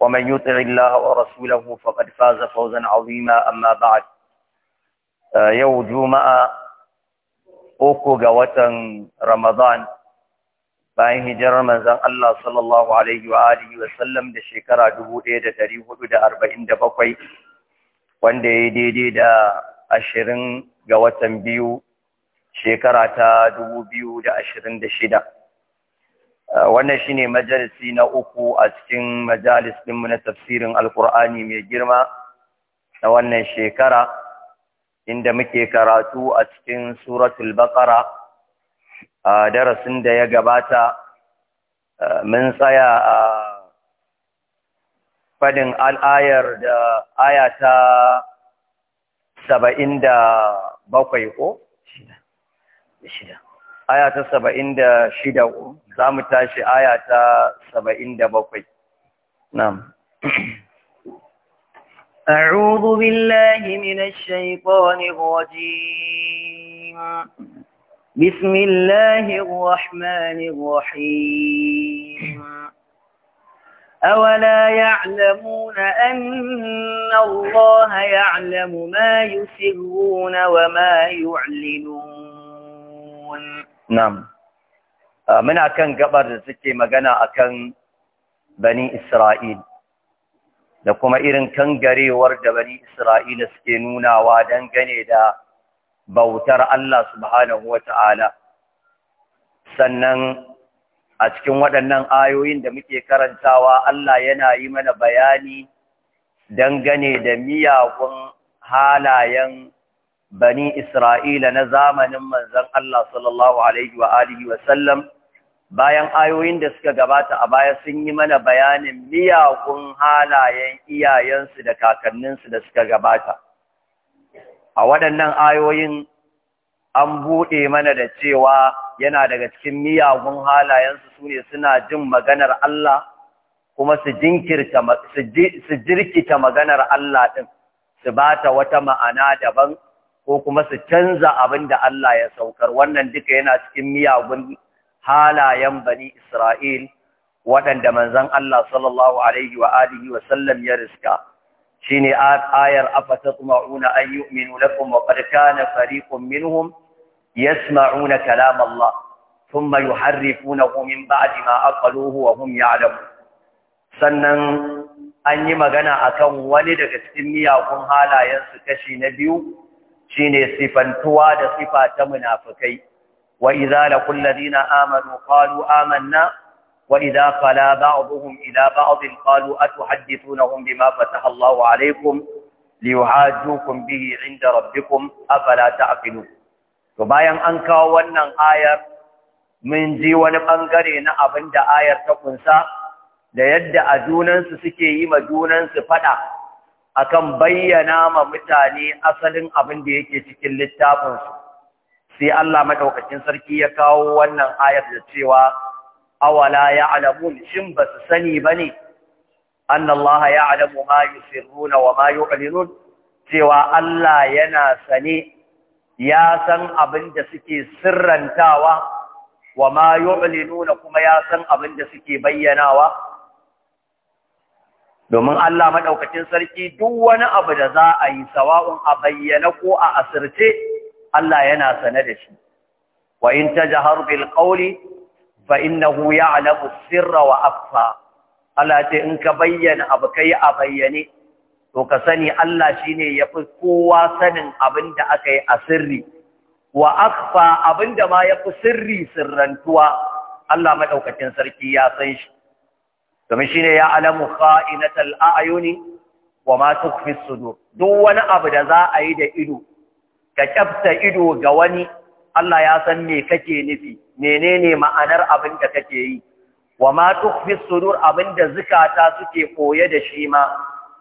ومن يطع الله ورسوله فقد فاز فوزا عظيما أما بعد يوم جمعة uku ga watan Ramadan bayan hijirar manzon Allah sallallahu alaihi wa alihi wa sallam da shekara 1447 wanda ya daidai da 20 ga watan biyu shekara ta 2026 wannan shine majalisi na uku a cikin majalis ɗinmu na tafsirin alkur'ani mai girma na wannan shekara inda muke karatu a cikin suratul baqara a darasin da ya gabata mun tsaya a faɗin al'ayar da aya ta saba'in da bakwai ko? aya ta saba'in da shida za mu tashi aya ta saba'in da na'am أعوذ بالله من الشيطان الرجيم بسم الله الرحمن الرحيم أولا يعلمون أن الله يعلم ما يسرون وما يعلنون Na'am. Ah, muna kan gabar da suke magana akan Bani Isra'il da kuma irin kangarewar da Bani Isra'ila suke nunawa dangane da bautar Allah subhanahu wa ta'ala. Sannan a cikin waɗannan ayoyin da muke karantawa Allah yana yi mana bayani dangane da miyagun halayen bani Isra'ila na zamanin manzon Allah sallallahu alaihi wa alihi wa sallam bayan ayoyin da suka gabata a baya sun yi mana bayanin miyagun halayen iyayensu da kakanninsu da suka gabata. A waɗannan ayoyin an buɗe mana da cewa yana daga cikin miyagun halayensu su ne suna jin maganar Allah kuma su jirkita maganar Allah ɗin, su ba ta wata ma'ana daban ko kuma su canza abin da Allah ya saukar wannan duka yana cikin miyagun halayen bani Isra'il waɗanda manzon Allah sallallahu alaihi wa alihi wa sallam ya riska shine ayar afatatma'una an yu'minu lakum wa qad kana fariqun minhum yasma'una kalam Allah thumma yuharrifunahu min ba'di ma aqaluhu wa hum ya'lamun sannan an yi magana a kan wani daga cikin miyagun halayen su kashi na biyu shine sifantuwa da sifa ta munafikai wa idza laqul amanu qalu amanna wa idza qala ba'dhum ila ba'd qalu atuhaddithunahum bima fataha Allahu alaykum liyuhajjukum bihi 'inda rabbikum afala ta'qilun to bayan an kawo wannan ayar mun ji wani bangare na abinda ayar ta kunsa da yadda a junansu suke yi ma junansu fada akan bayyana ma mutane asalin abin da yake cikin littafinsu sai Allah madaukakin sarki ya kawo wannan ayar da cewa awala ya'lamun shin basu sani bane annallaha ya'lamu ma yusirruna wa ma yu'linun cewa Allah yana sane ya san abin da suke sirrantawa wa ma yu'linuna kuma ya san abin da suke bayyanawa domin Allah maɗaukacin sarki duk wani abu da za a yi sawa'un a bayyana ko a asirce Allah yana sane da shi wa in tajhar bil qawli fa innahu ya'lamu sirra wa Allah ce in ka bayyana abu kai a bayyane to ka sani Allah shine yafi kowa sanin abin da aka yi a sirri wa abin da ma yafi sirri sirrantuwa Allah maɗaukacin sarki ya san shi domin shi ne ya alamu kha'inatal a'yuni wa ma tukfi sudur duk wani abu da za a yi da ido ka kyafta ido ga wani Allah ya san me kake nufi menene ma'anar abin da kake yi wa ma tukfi sudur abin da zukata suke koye da shi ma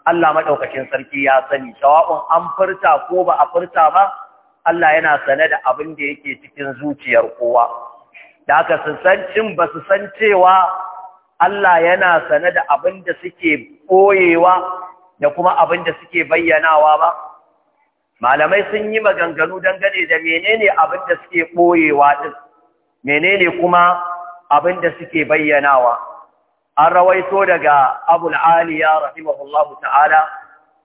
Allah madaukakin sarki ya sani sawa'un an furta ko ba a furta ba Allah yana sane da abin da yake cikin zuciyar kowa da haka san cin ba su san cewa Allah yana sane da abin da suke ɓoyewa da kuma abin da suke bayyanawa ba malamai sun yi maganganu dangane da menene abin da suke ɓoyewa din menene kuma abin da suke bayyanawa an rawaito daga abul aliya rahimahullahu ta'ala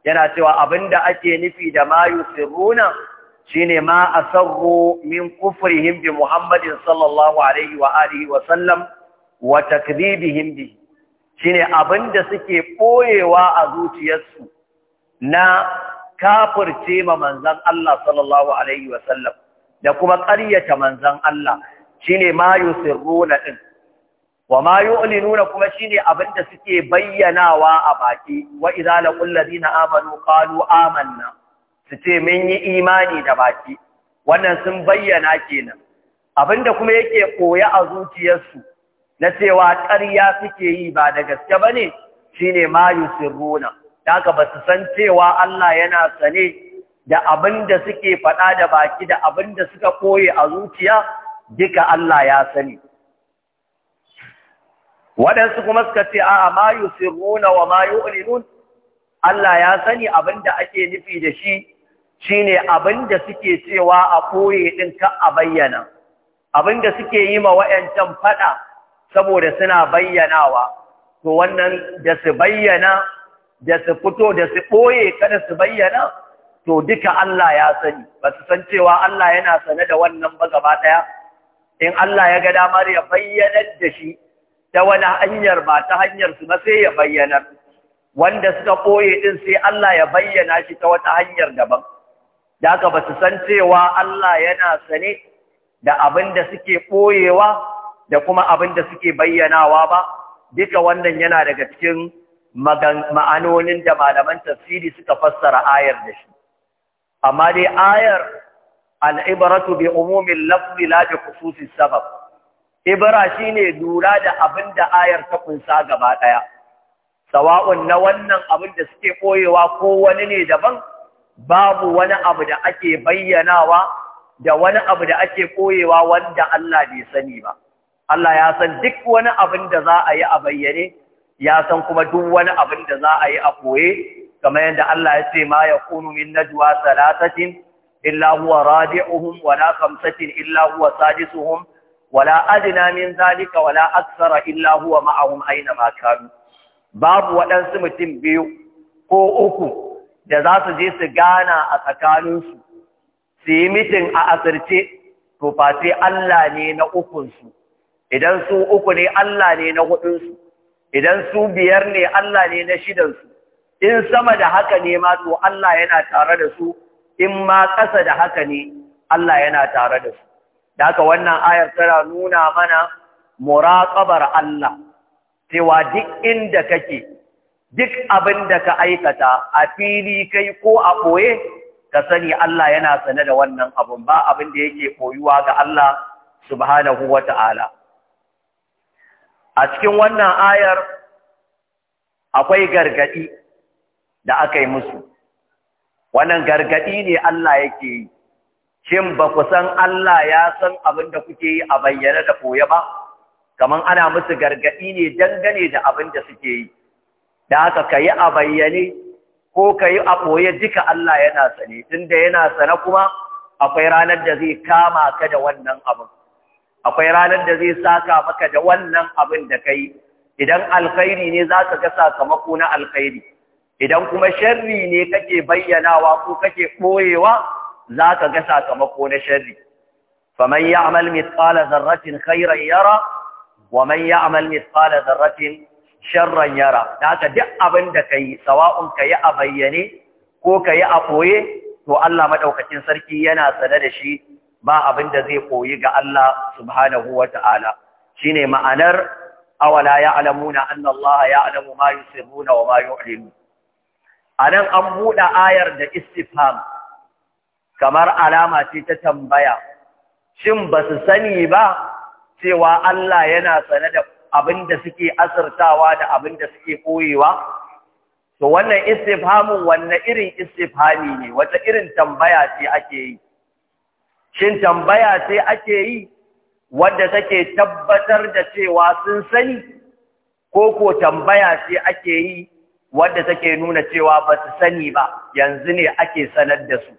yana cewa abin da ake nufi da mayu yusirruna shine ma asarru min kufrihim bi muhammadin sallallahu alaihi wa alihi wa sallam wa takdhibihim bi shine abinda suke ɓoyewa a zuciyarsu na kafirce ma manzon Allah sallallahu alaihi da kuma ƙaryata manzon Allah shine ma yusirruna din wa ma yu'linuna kuma shine abinda suke bayyanawa a baki wa idza laqul ladina amanu qalu amanna su mun yi imani da baki wannan sun bayyana kenan abinda kuma yake koya a zuciyarsu na cewa ƙarya suke yi ba da gaske ba ne shi ne mayu sirruna da haka ba su san cewa Allah yana sane da abin da suke faɗa da baki da abin da suka koye a zuciya duka Allah ya sani waɗansu kuma suka ce a mayu sirruna wa mayu ulinun Allah ya sani abin da ake nufi da shi shi ne abin da suke cewa a koye ɗin ka a bayyana abin da suke yi ma wa'yancan faɗa saboda suna bayyanawa to wannan da su bayyana da su fito da su ɓoye kada su bayyana to duka Allah ya sani ba su san cewa Allah yana sane da wannan ba gaba ɗaya in Allah ya ga damar ya bayyanar da shi ta wani hanyar ba ta hanyar su ba sai ya bayyanar wanda suka ɓoye ɗin sai Allah ya bayyana shi ta wata hanyar daban da haka ba su san cewa Allah yana sane da abin da suke ɓoyewa da kuma abin da suke bayyanawa ba duka wannan yana daga cikin ma'anonin da malaman tafsiri suka fassara ayar da shi amma dai ayar al'ibaratu bi umumin lafzi la bi khususis sabab ibra shine lura da abin da ayar ta kunsa gaba ɗaya. sawa'un na wannan abin da suke koyewa ko wani ne daban babu wani abu da ake bayyanawa da wani abu da ake koyewa wanda Allah bai sani ba Allah ya san duk wani abin da za a yi a bayyane, ya san kuma duk wani abin da za a yi a koye, kamar yadda Allah ya ce ma ya kunu min najwa salatatin illa huwa rabi'uhum wala khamsatin illa huwa sadisuhum wala adna min zalika wala aksara illa huwa ma'ahum aina ma kanu. Babu waɗansu mutum biyu ko uku da za su je su gana a tsakaninsu, su yi mitin a asirce, to face Allah ne na ukunsu. idan su uku ne Allah ne na hudunsu idan su biyar ne Allah ne na shidansu in sama da haka ne ma to Allah yana tare da su in ma ƙasa da haka ne Allah yana tare da su da haka wannan ayar tana nuna mana muraƙabar Allah cewa duk inda kake duk abin da ka aikata a fili kai ko a ɓoye ka sani Allah yana sane da wannan abun ba abin da yake ɓoyuwa ga Allah subhanahu wa ta'ala. a cikin wannan ayar akwai gargadi da aka yi musu wannan gargadi ne Allah yake yi shin ba ku san Allah ya san abin da kuke yi a bayyana da koya ba Kamar ana musu gargadi ne dangane da abin da suke yi da haka kayi a bayyane ko kayi a ɓoye duka Allah yana sane tunda yana sane kuma akwai ranar da zai kama ka da wannan abin akwai ranar da zai saka maka da wannan abin da yi idan alkhairi ne za ka ga sakamako na alkhairi idan kuma sharri ne kake bayyanawa ko kake ɓoyewa za ka ga sakamako na sharri faman ya'mal mithqala dharratin khairan yara wa man ya'mal mithqala dharratin sharran yara haka duk abin da kai sawa'un yi a bayyane ko yi a ɓoye to Allah maɗaukacin sarki yana sane da shi ba abin da zai koyi ga Allah subhanahu wa ta'ala Shi ne ma'anar awala na an Allah alamu ma na wa ma A nan an buɗe ayar da istifam kamar alama ce ta tambaya shin ba su sani ba cewa Allah yana sane da abin da suke asirtawa da abin da suke koyewa to wannan istifamun wannan irin istifami ne wata irin tambaya ce ake yi shin tambaya ce ake yi wadda take tabbatar da cewa sun sani ko ko tambaya ce ake yi wadda take nuna cewa ba su sani ba yanzu ne ake sanar da su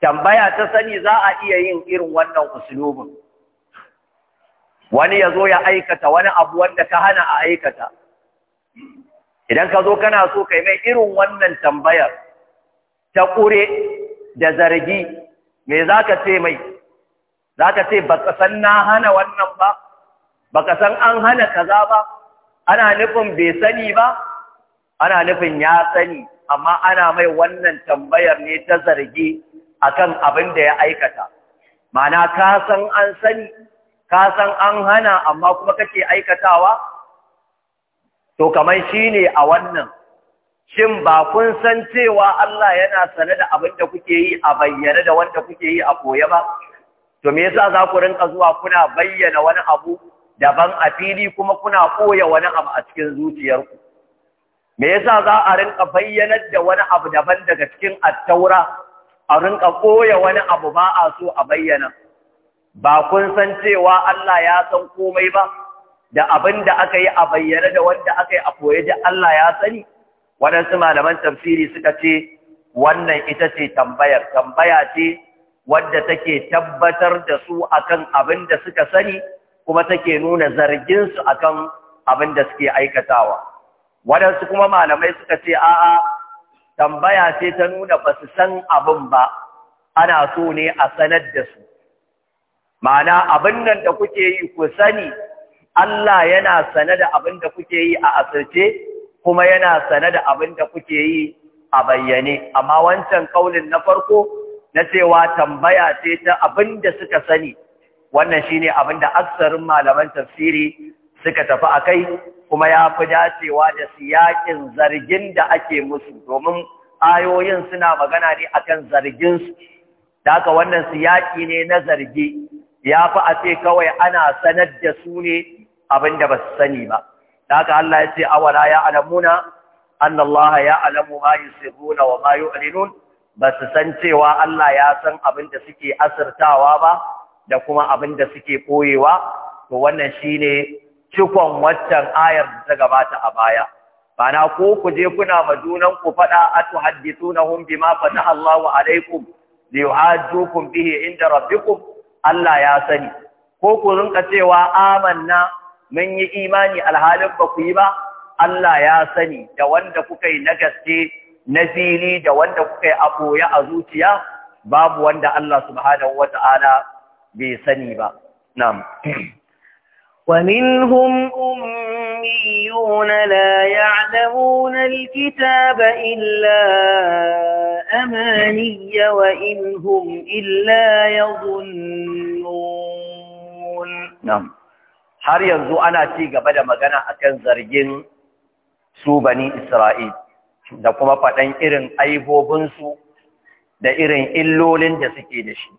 tambaya ta sani za a iya yin irin wannan usulubin wani ya zo ya aikata wani abu wanda ka hana a aikata idan ka zo kana so kai mai irin wannan tambayar ta ƙure da zargi me za ka ce mai za ka ce ba ka san na hana wannan ba Ba ka san an hana kaza ba ana nufin bai sani ba ana nufin ya sani amma ana mai wannan tambayar ne ta zargi akan abin da ya aikata ma'ana ka san an sani ka san an hana amma kuma kake aikatawa to kamar shi ne a wannan shin ba kun san cewa Allah yana sane da abin da kuke yi a bayyane da wanda kuke yi a koye ba to me yasa za ku rinka zuwa kuna bayyana wani abu daban a fili kuma kuna koya wani abu a cikin zuciyarku me yasa za a rinka bayyanar da wani abu daban daga cikin attaura a rinka koya wani abu ba a so a bayyana ba kun san cewa Allah ya san komai ba da abin aka yi a bayyane da wanda aka yi a koya da Allah ya sani waɗansu malaman tafsiri suka ce wannan ita ce tambayar tambaya ce wadda take tabbatar da su akan abin da suka sani kuma take nuna zargin su akan abin da suke aikatawa waɗansu kuma malamai suka ce a'a tambaya ce ta nuna ba su san abin ba ana so ne a sanar da su ma'ana abin nan da kuke yi ku sani Allah yana sane da abin da kuke yi a asirce kuma yana sane da abin da kuke yi a bayyane amma wancan kaulin na farko na cewa tambaya ce ta abin da suka sani wannan shine abin da aksarin malaman tafsiri suka tafi a kai kuma ya fi dacewa da siyakin zargin da ake musu domin ayoyin suna magana ne akan zargin su da haka wannan siyaki ne na zargi ya fi a ce kawai ana sanar da su ne abin da ba su sani ba da Allah ya ce awala ya alamuna anna Allah ya alamu ma yusirruna wa ma yu'linun ba su san cewa Allah ya san abin da suke asirtawa ba da kuma abin da suke koyewa to wannan shine cikon waccan ayar da ta gabata a baya bana ko ku je kuna ma ku fada atuhaddithunahum bima Allah Allahu alaikum kun bihi inda rabbikum Allah ya sani ko ku rinka cewa amanna mun yi imani alhalin ba ku yi ba Allah ya sani da wanda kuka yi na gaske na fili da wanda kuka yi a koya a zuciya babu wanda Allah subhanahu wata'ala bai sani ba na'am ومنهم أميون لا يعلمون الكتاب إلا أماني وإن إلا يظنون نعم har yanzu ana ci gaba da magana akan zargin su bani Isra'il da kuma faɗan irin aibobinsu da irin illolin da suke da shi.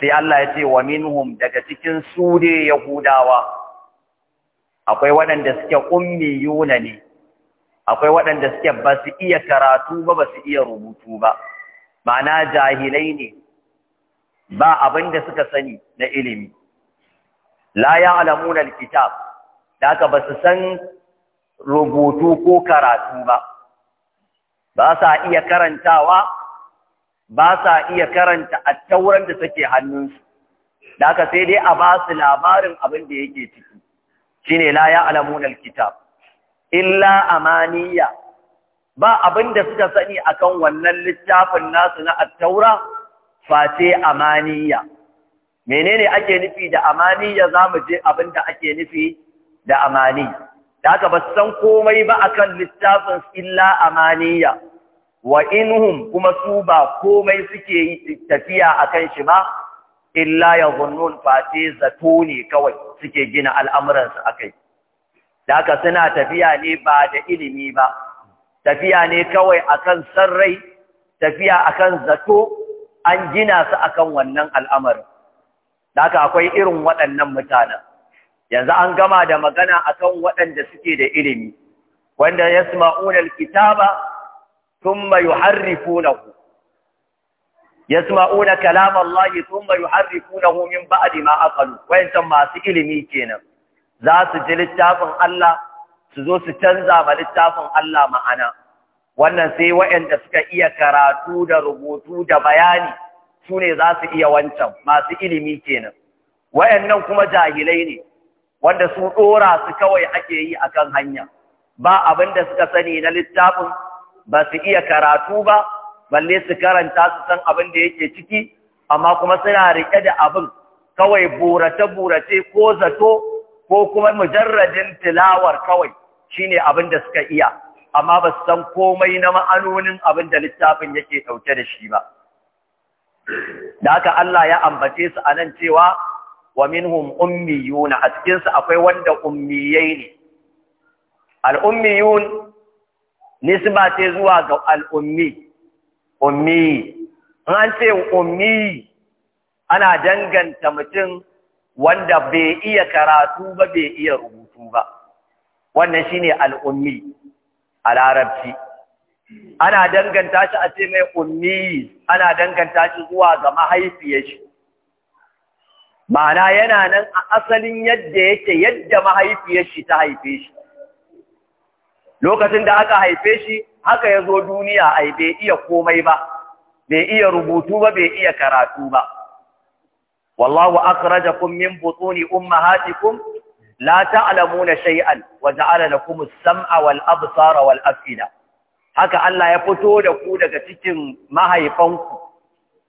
Sai Allah ya ce wa minhum daga cikin su ne Yahudawa, akwai waɗanda suke ummi yuna ne, akwai waɗanda suke ba su iya karatu ba ba su iya rubutu ba, ma'ana jahilai ne, ba abin da suka sani na ilimi. la ya'lamuna alkitab da ka ba su san rubutu ko karatu ba ba sa iya karantawa ba sa iya karanta attauran da take hannunsu da ka sai dai a ba su labarin abin da yake ciki shine la ya'lamuna alkitab illa amaniya ba abin da suka sani akan wannan littafin nasu na attaura face amaniya menene ake nufi da amani ya zamu je abin da ake nufi da amani da haka ba san komai ba akan littafin illa amaniya wa inhum kuma su ba komai suke tafiya akan shi ba illa yazunnun fate zato ne kawai suke gina al'amuransu akai da haka suna tafiya ne ba da ilimi ba tafiya ne kawai akan sarrai tafiya akan zato an gina su akan wannan al'amarin da haka akwai irin waɗannan mutanen yanzu an gama da magana akan waɗanda suke da ilimi wanda ya kitaba, yasma'una alkitaba Ya yuharrifunahu yasma'una kalam Allah na yuharrifunahu min ba'di ma wayancan masu ilimi kenan za su ji littafin Allah su zo su canza ma littafin Allah ma'ana wannan sai waɗanda suka iya karatu da rubutu da bayani su ne za su iya wancan masu ilimi kenan wayannan kuma jahilai ne wanda su ɗora su kawai ake yi akan hanya ba abin da suka sani na littafin ba su iya karatu ba balle su karanta su san abin da yake ciki amma kuma suna riƙe da abin kawai burace-burace ko zato ko kuma mujarradin tilawar kawai shine abin da suka iya amma ba su san komai na ma'anonin abin da littafin yake ɗauke da shi ba da haka Allah ya ambace su anan cewa wa minhum ummiyun a su akwai wanda ummiyai ne ummiyun nisba ce zuwa ga al'ummi ummi an ce ummi ana danganta mutum wanda bai iya karatu ba bai iya rubutu ba wannan shine al'ummi a larabci ana danganta shi a ce mai ummi ana danganta shi zuwa ga mahaifiyar shi ma'ana yana nan a asalin yadda yake yadda mahaifiyar shi ta haife shi lokacin da aka haife shi haka ya zo duniya ai bai iya komai ba bai iya rubutu ba bai iya karatu ba wallahu akhrajakum min butuni ummahatikum la ta'lamuna shay'an waja'ala ja'ala lakum as-sam'a wal absara wal af'ida haka Allah ya fito da ku daga cikin mahaifanku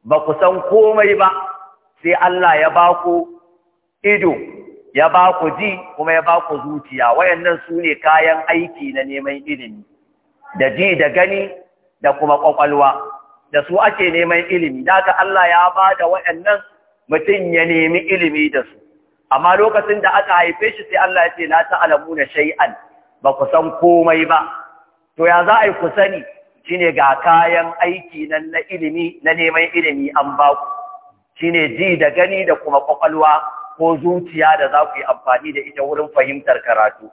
ba ku san komai ba sai Allah ya ba ku ido ya ba ku ji kuma ya ba ku zuciya wayannan su ne kayan aiki na neman ilimi da ji da gani da kuma kwakwalwa da su ake neman ilimi da haka Allah ya ba da wayannan mutum ya nemi ilimi da su amma lokacin da aka haife shi sai Allah ya ce la ta'lamuna shay'an ba ku san komai ba to ya za a yi ku sani ne ga kayan aiki nan na ilimi na neman ilimi an ba ku ne ji da gani da kuma kwakwalwa ko zuciya da za ku yi amfani da ita wurin fahimtar karatu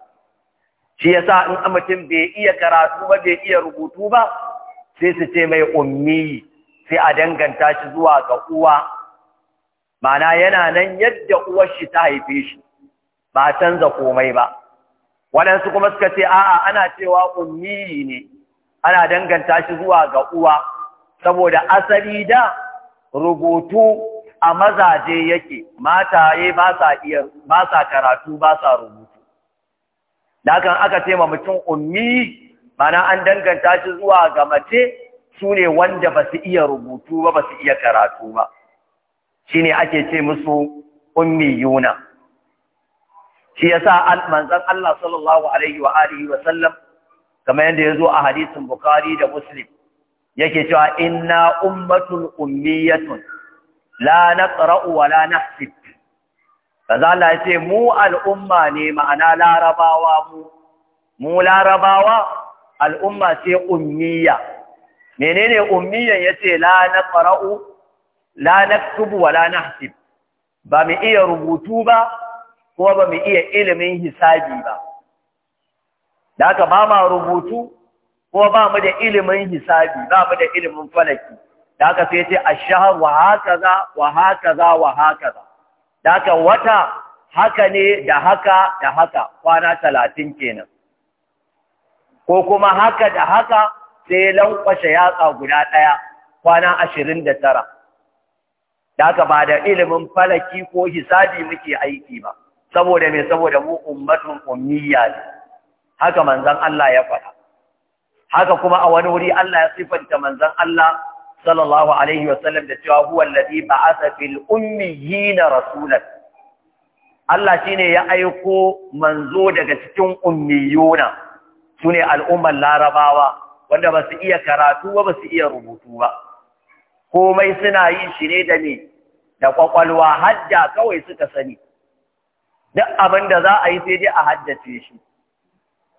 shi ya sa in mutum bai iya karatu ba bai iya rubutu ba sai su ce mai ummi sai a danganta shi zuwa ga uwa mana yana nan yadda uwar shi ta haife shi ba canza komai ba waɗansu kuma suka ce a'a ana cewa ummi ne ana danganta shi zuwa ga uwa saboda asali da rubutu a mazaje yake mataye yi ba karatu ba rubutu da aka ce ma mutum ummi mana an danganta shi zuwa ga mace su ne wanda ba su iya rubutu ba ba su iya karatu ba Shi ne ake ce musu ummiyuna shi yasa manzon Allah sallallahu alaihi wa alihi wa sallam kamar yadda yazo a hadisin Bukhari da Muslim yake cewa inna ummatun ummiyatun la naqra'u wa la nahsib kaza Allah yace mu al'umma ne ma'ana larabawa mu mu larabawa al'umma ce ummiya menene ummiyan yace la naqra'u la naktubu wa la nahsib ba mu iya rubutu ba ko ba mu iya ilimin hisabi ba da aka ba ma rubutu ko ba mu da ilimin hisabi ba mu da ilimin falaki da aka sai ce shahar wa za, wa za, wa za, da aka wata haka ne da haka da haka kwana talatin kenan ko kuma haka da haka sai lankwashe yatsa guda ɗaya kwana ashirin da tara da aka ba da ilimin falaki ko hisabi muke aiki ba saboda me saboda mu ummatun ummiya ne haka manzan Allah ya faɗa haka kuma a wani wuri Allah ya sifanta manzan Allah sallallahu alaihi da cewa huwa alladhi ba'atha fil ummiyina rasulan Allah shine ya aiko manzo daga cikin ummiyuna sune al'ummar larabawa wanda ba su iya karatu ba ba su iya rubutu ba komai suna yin shi ne da ne da kwakwalwa hadda kawai suka sani duk abin da za a yi sai dai a haddace shi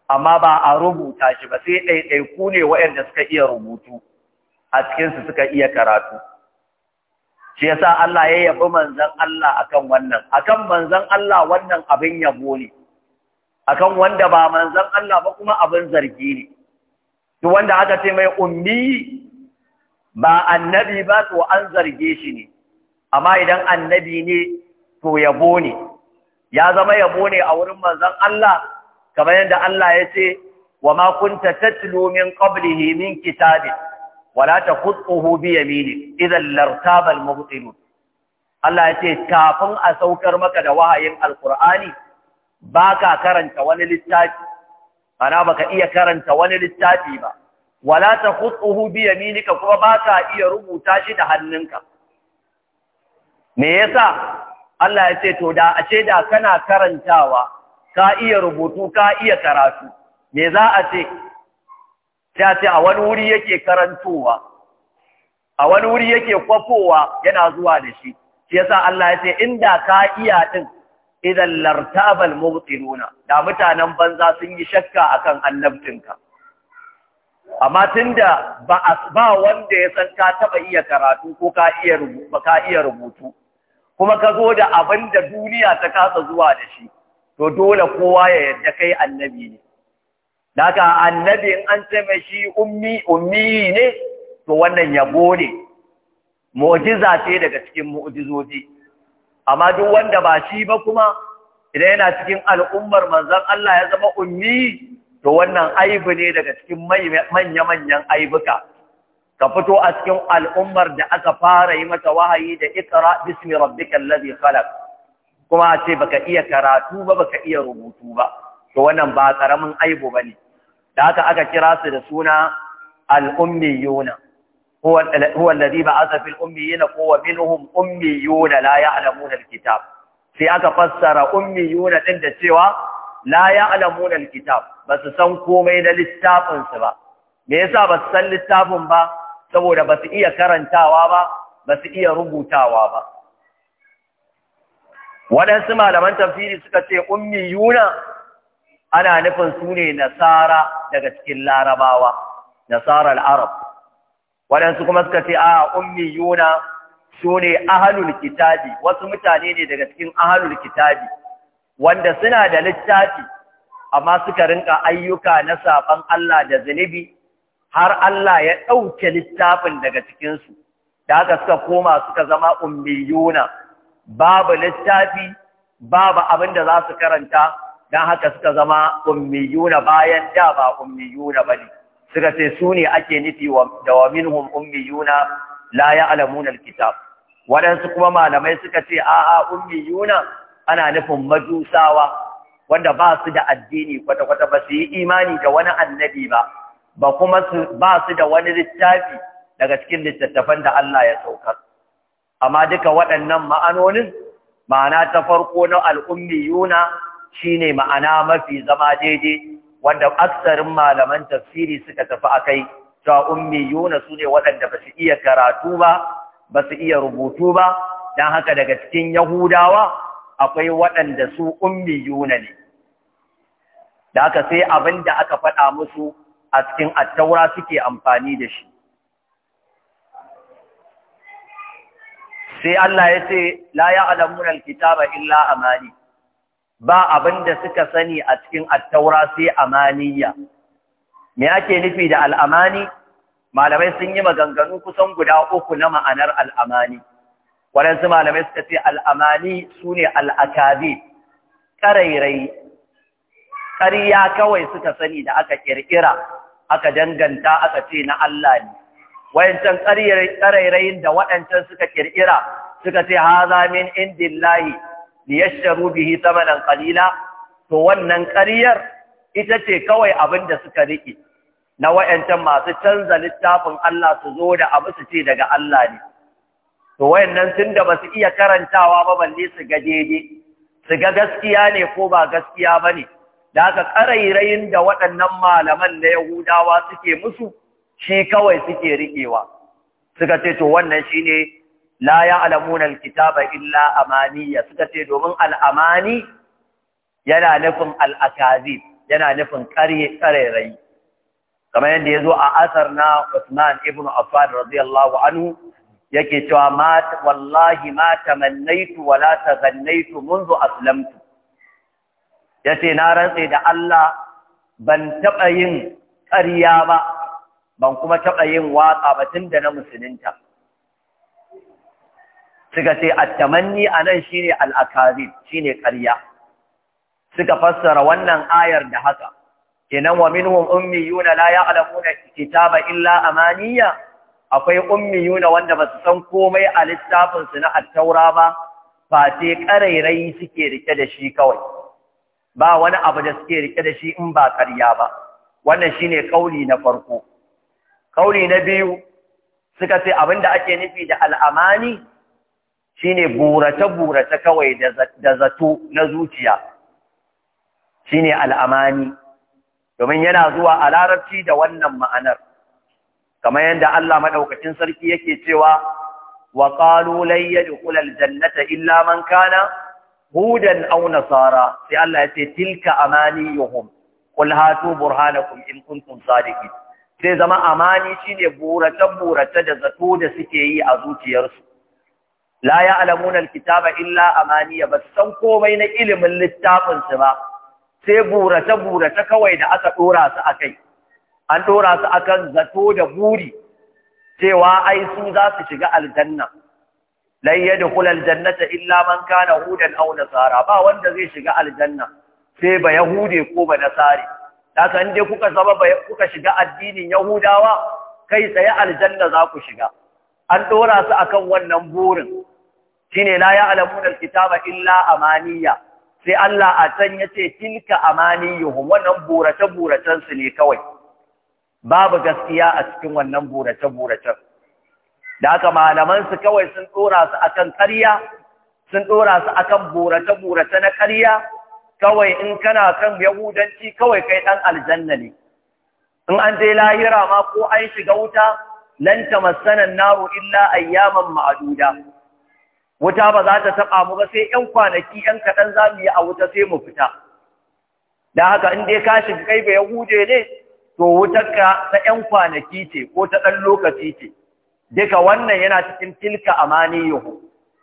amma ba a rubuta shi ba sai ɗaiɗaiku ne waɗanda suka iya rubutu a cikinsu suka iya karatu shi yasa Allah ya yabi manzon Allah akan wannan akan manzon Allah wannan abin yabo ne akan wanda ba manzon Allah ba kuma abin zargi ne duk wanda aka ce mai ummi ba annabi ba to an zarge shi ne amma idan annabi ne to yabo ne ya zama yabo ne a wurin manzon Allah kamar yadda Allah ya ce wa ma kunta tatlu min qablihi min kitabi wala takhutuhu bi yamini idan lartaba almubtilun Allah ya ce kafin a saukar maka da wahayin alqur'ani baka karanta wani littafi ana baka iya karanta wani littafi ba wala takhutuhu bi yaminika kuma baka iya rubuta shi da hannunka me yasa Allah ya ce to da a ce da kana karantawa ka iya rubutu ka iya karatu me za a ce ta ce a wani wuri yake karantowa a wani wuri yake kwafowa yana zuwa da shi shi yasa Allah ya ce inda ka iya din idan lartabal mubtiluna da mutanen banza sun yi shakka akan annabtinka amma tunda ba ba wanda ya san ka taba iya karatu ko ka iya rubutu kuma ka zo da abin da duniya ta kasa zuwa da shi to dole kowa ya yarda kai annabi ne daga annabi in an ce shi ummi ummi ne to wannan yabo ne Mu'ujiza ce daga cikin mu'jizoji amma duk wanda ba shi ba kuma idan yana cikin al'ummar manzon Allah ya zama ummi to wannan aibu ne daga cikin manya-manyan aibuka ka fito a cikin al'ummar da aka fara yi mata wahayi da ikra bismi rabbikal ladhi khalaq kuma a ce baka iya karatu ba baka iya rubutu ba to wannan ba karamin aibu bane da haka aka kira su da suna al-ummiyuna huwa huwa alladhi ba'atha fil ummiyina quwwa minhum ummiyuna la ya'lamuna al-kitab sai aka fassara ummiyuna din da cewa la ya'lamuna al-kitab ba su san komai da littafin su ba me yasa ba su san littafin ba saboda ba su iya karantawa ba ba su iya rubutawa ba waɗansu malaman tafsiri suka ce ummi yuna ana nufin su ne nasara daga cikin larabawa nasarar arab waɗansu kuma suka ce a ummi yuna su ne ahalul kitabi wasu mutane ne daga cikin ahalul kitabi wanda suna da littafi amma suka rinka ayyuka na saban Allah da zunubi har Allah ya ɗauke littafin daga cikinsu, da haka suka koma suka zama ummiyuna, babu littafi, babu abin da za su karanta, don haka suka zama ummiyuna bayan da ba ummiyuna ba ne. Suka ce su ne ake nufi da wa minhum ummiyuna la ya'lamuna alkitab. Waɗansu kuma malamai suka ce a'a ummiyuna ana nufin majusawa wanda ba su da addini kwata-kwata ba su yi imani da wani annabi ba. ba kuma su ba su da wani littafi daga cikin littattafan da Allah ya saukar amma duka waɗannan ma'anonin ma'ana ta farko na al'ummi Yuna shi ne ma'ana mafi zama daidai wanda aksarin malaman tafsiri suka tafi a kai, akai Yuna su ne waɗanda ba su iya karatu ba ba su iya rubutu ba don haka daga cikin yahudawa akwai waɗanda su ummi Yuna ne da aka sai abin da aka faɗa musu a cikin attaura suke amfani da shi sai Allah ya ce la ya'lamuna alkitaba illa amani ba abinda suka sani a cikin attaura sai amaniya me ake nufi da al'amani malamai sun yi maganganu kusan guda uku na ma'anar al'amani waɗansu malamai suka ce al'amani su ne al'akabi ƙarairai ƙarya kawai suka sani da aka ƙirƙira aka danganta aka ce na Allah ne wayancan tsarairayin da waɗancan suka kirkira suka ce haza min indillahi liyashtaru bihi thamanan qalila to wannan karyar ita ce kawai abin da suka riƙe. na wayancan masu canza littafin Allah su zo da abu su ce daga Allah ne to wayannan da ba su iya karantawa ba balle su ga daidai su ga gaskiya ne ko ba gaskiya bane da aka ƙarairayin da waɗannan malaman na Yahudawa suke musu shi kawai suke riƙewa suka ce to wannan shine la ya'lamuna alkitaba illa amaniya suka ce domin al'amani yana nufin al'akazib yana nufin ƙarairayi kamar yadda ya zo a asar na Usman ibn Affan radiyallahu anhu yake cewa wallahi ma tamannaitu wala tazannaitu منذ aslamtu ya ce na rantse da Allah ban taɓa yin ƙarya ba ban kuma taɓa yin waƙa ba tun da na musulunta suka ce tamanni a nan shi ne al'akari shi ne ƙarya suka fassara wannan ayar da haka kenan wa minhum ummiyuna la ya'lamuna kitaba illa amaniya akwai ummiyuna wanda ba su san komai a littafinsu na attaura ba Fate ƙarairayi suke rike da shi kawai ba wani abu da suke rike da shi in ba ƙarya ba wannan shine kauli na farko kauli na biyu suka ce da ake nufi da al'amani shine burace burace kawai da zato na zuciya shine al'amani domin yana zuwa a larabci da wannan ma'anar kamar yadda Allah maɗaukacin sarki yake cewa wa qalu lan jannata illa man kana hudan aw nasara sai Allah ya ce tilka amaniyuhum qul hatu burhanakum in kuntum sadiqin sai zama amani shine burace burace da zato da suke yi a zuciyarsu la ya'lamuna alkitaba illa amaniya bas san komai na ilimin littafin su ba sai burace burace kawai da aka dora su akai an dora su akan zato da buri cewa ai su za su shiga aljanna lan yadkhul aljannata illa man kana hudan aw nasara ba wanda zai shiga aljanna sai ba yahude ko ba nasari haka inde kuka zama kuka shiga addinin yahudawa kai tsaye aljanna za ku shiga an dora su akan wannan burin shine la ya'lamuna alkitaba illa amaniya sai Allah a can yace tilka amaniyuhum wannan burace buracen su ne kawai babu gaskiya a cikin wannan burace buracen da haka malaman su kawai sun dora su akan ƙarya sun dora su akan burace burace na ƙarya kawai in kana kan yahudanci kawai kai ɗan aljanna ne in an je lahira ma ko an shiga wuta lan tamassana naru illa ayyaman ma'aduda. wuta ba za ta taba mu ba sai yan kwanaki yan kadan za mu yi a wuta sai mu fita da haka in dai ka shiga kai ba yahude ne to wutarka ta yan kwanaki ce ko ta ɗan lokaci ce duka wannan yana cikin tilka amaniyu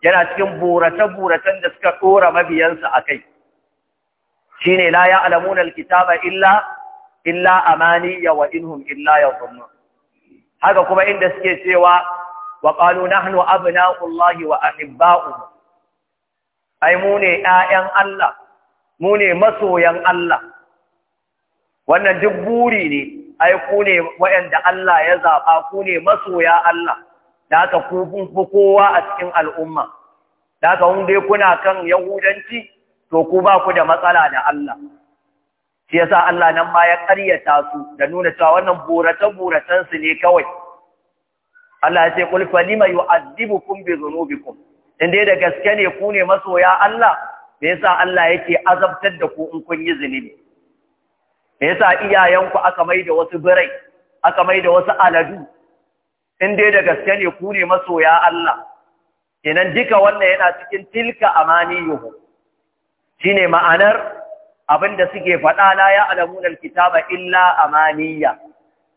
yana cikin burace-buracen da suka ɗora mabiyansa a kai shi ne la ya alamunan kitaba illa illa amaniya wa inhum illa ya haka kuma inda suke cewa wa ƙalu nahnu abna'ullahi wa ahibba'u ai mu ne 'ya'yan Allah mu ne masoyan Allah wannan duk buri ne ai ku ne waɗanda Allah ya zaɓa ku ne masoya Allah da haka ku fi kowa a cikin al'umma da aka hun kuna kan yahudanci to ku ba ku da matsala da Allah shi yasa Allah nan ma ya ƙaryata su da nuna cewa wannan burata buratan su ne kawai Allah ya ce qul falima yu'adhibukum bi dhunubikum inda da gaske ne ku ne masoya Allah me yasa Allah yake azabtar da ku in kun yi zunubi me yasa iyayenku aka mai da wasu birai aka mai da wasu aladu in dai da gaske ne ku ne masoya Allah kenan duka wannan yana cikin tilka Shi ne ma'anar abin da suke faɗa na ya alamuna alkitaba illa amaniya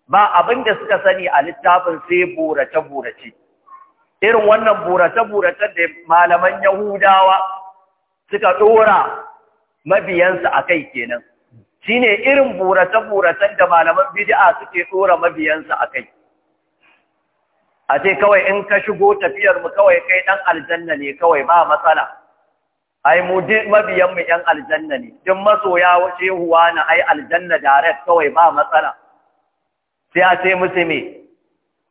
ba abin da suka sani a littafin sai burace burace irin wannan burace burace da malaman yahudawa suka ɗora mabiyansa a kai kenan shine irin burace-buracen da malaman bid'a suke tsora mabiyansa a kai. a ce kawai in ka shigo tafiyar mu kawai kai ɗan aljanna ne kawai ba matsala ai mu duk mabiyan mu yan aljanna ne din masoya wace huwa na ai aljanna direct kawai ba matsala sai a ce musu me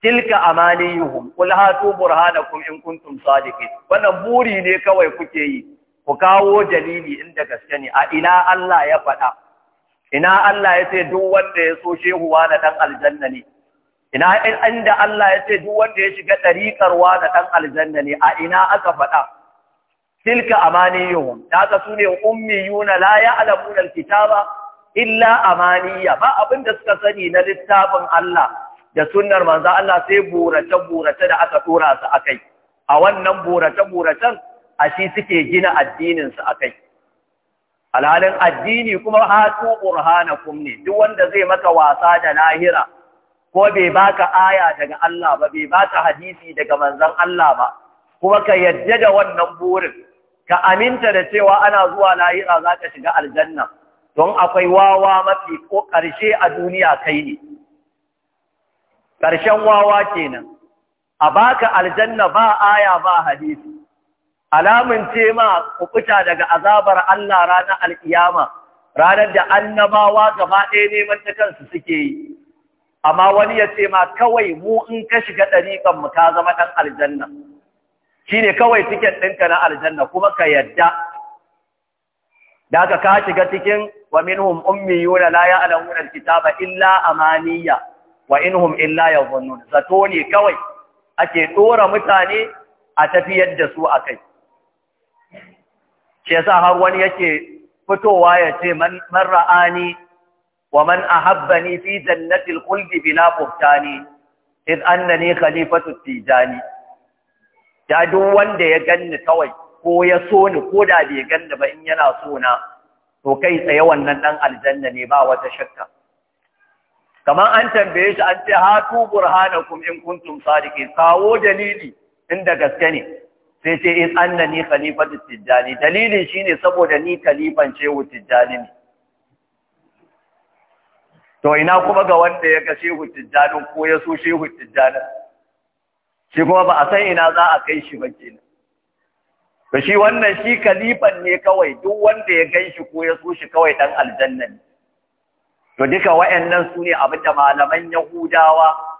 tilka amaniyuhum qul hatu burhanakum in kuntum sadiqin wannan buri ne kawai kuke yi ku kawo dalili inda gaske ne a ina Allah ya faɗa ina Allah ya ce duk wanda ya so shehu wani dan aljanna ne ina inda Allah ya ce duk wanda ya shiga ɗariƙar wani dan aljanna ne a ina aka faɗa tilka amaniyuhum da sune su ne ummiyuna la ya'lamuna alkitaba illa amaniya ba abin da suka sani na littafin Allah da sunnar manzo Allah sai burace burace da aka tura su akai a wannan burace buracen a shi suke gina addinin su akai alhalin addini kuma hatu burhanakum ne duk wanda zai maka wasa da lahira ko bai baka aya daga Allah ba bai baka hadisi daga manzon Allah ba kuma ka yadda da wannan burin ka aminta da cewa ana zuwa lahira ka shiga aljanna don akwai wawa mafi ko ƙarshe a duniya kai ne ƙarshen wawa kenan a baka aljanna ba aya ba hadisi alamun ce ma kuɓuta daga azabar Allah ranar al'iyama ranar da annabawa gaba ɗaya neman ta kansu suke yi amma wani ya ce ma kawai mu in ka shiga ɗariƙan mu ka zama ɗan aljanna shine kawai tiket ɗinka na aljanna kuma ka yadda da ka shiga cikin wa minhum ummiyuna la ya'lamuna kitaba illa amaniya wa inhum illa yadhunnun zato ne kawai ake ɗora mutane a tafiyar da su a kai. shi sa har wani yake fitowa ya ce man ra'ani wa man ahabbani fi jannatil khuldi bila buhtani in annani khalifatu tijani ya duk wanda ya ganni kawai ko ya so ni ko da bai ganni ba in yana so na to kai tsaye wannan dan aljanna ne ba wata shakka kamar an tambaye shi an ce hatu burhanakum in kuntum sadiqin kawo dalili inda gaske ne sai ce in annani da tijjani dalilin shine saboda ni khalifan shehu tijjani ne to ina kuma ga wanda ya ga shehu tijjani ko ya so shehu tijjani shi kuma ba a san ina za a kai shi ba kenan to shi wannan shi khalifan ne kawai duk wanda ya gan shi ko ya so shi kawai dan aljanna ne to duka wayannan su ne da malaman yahudawa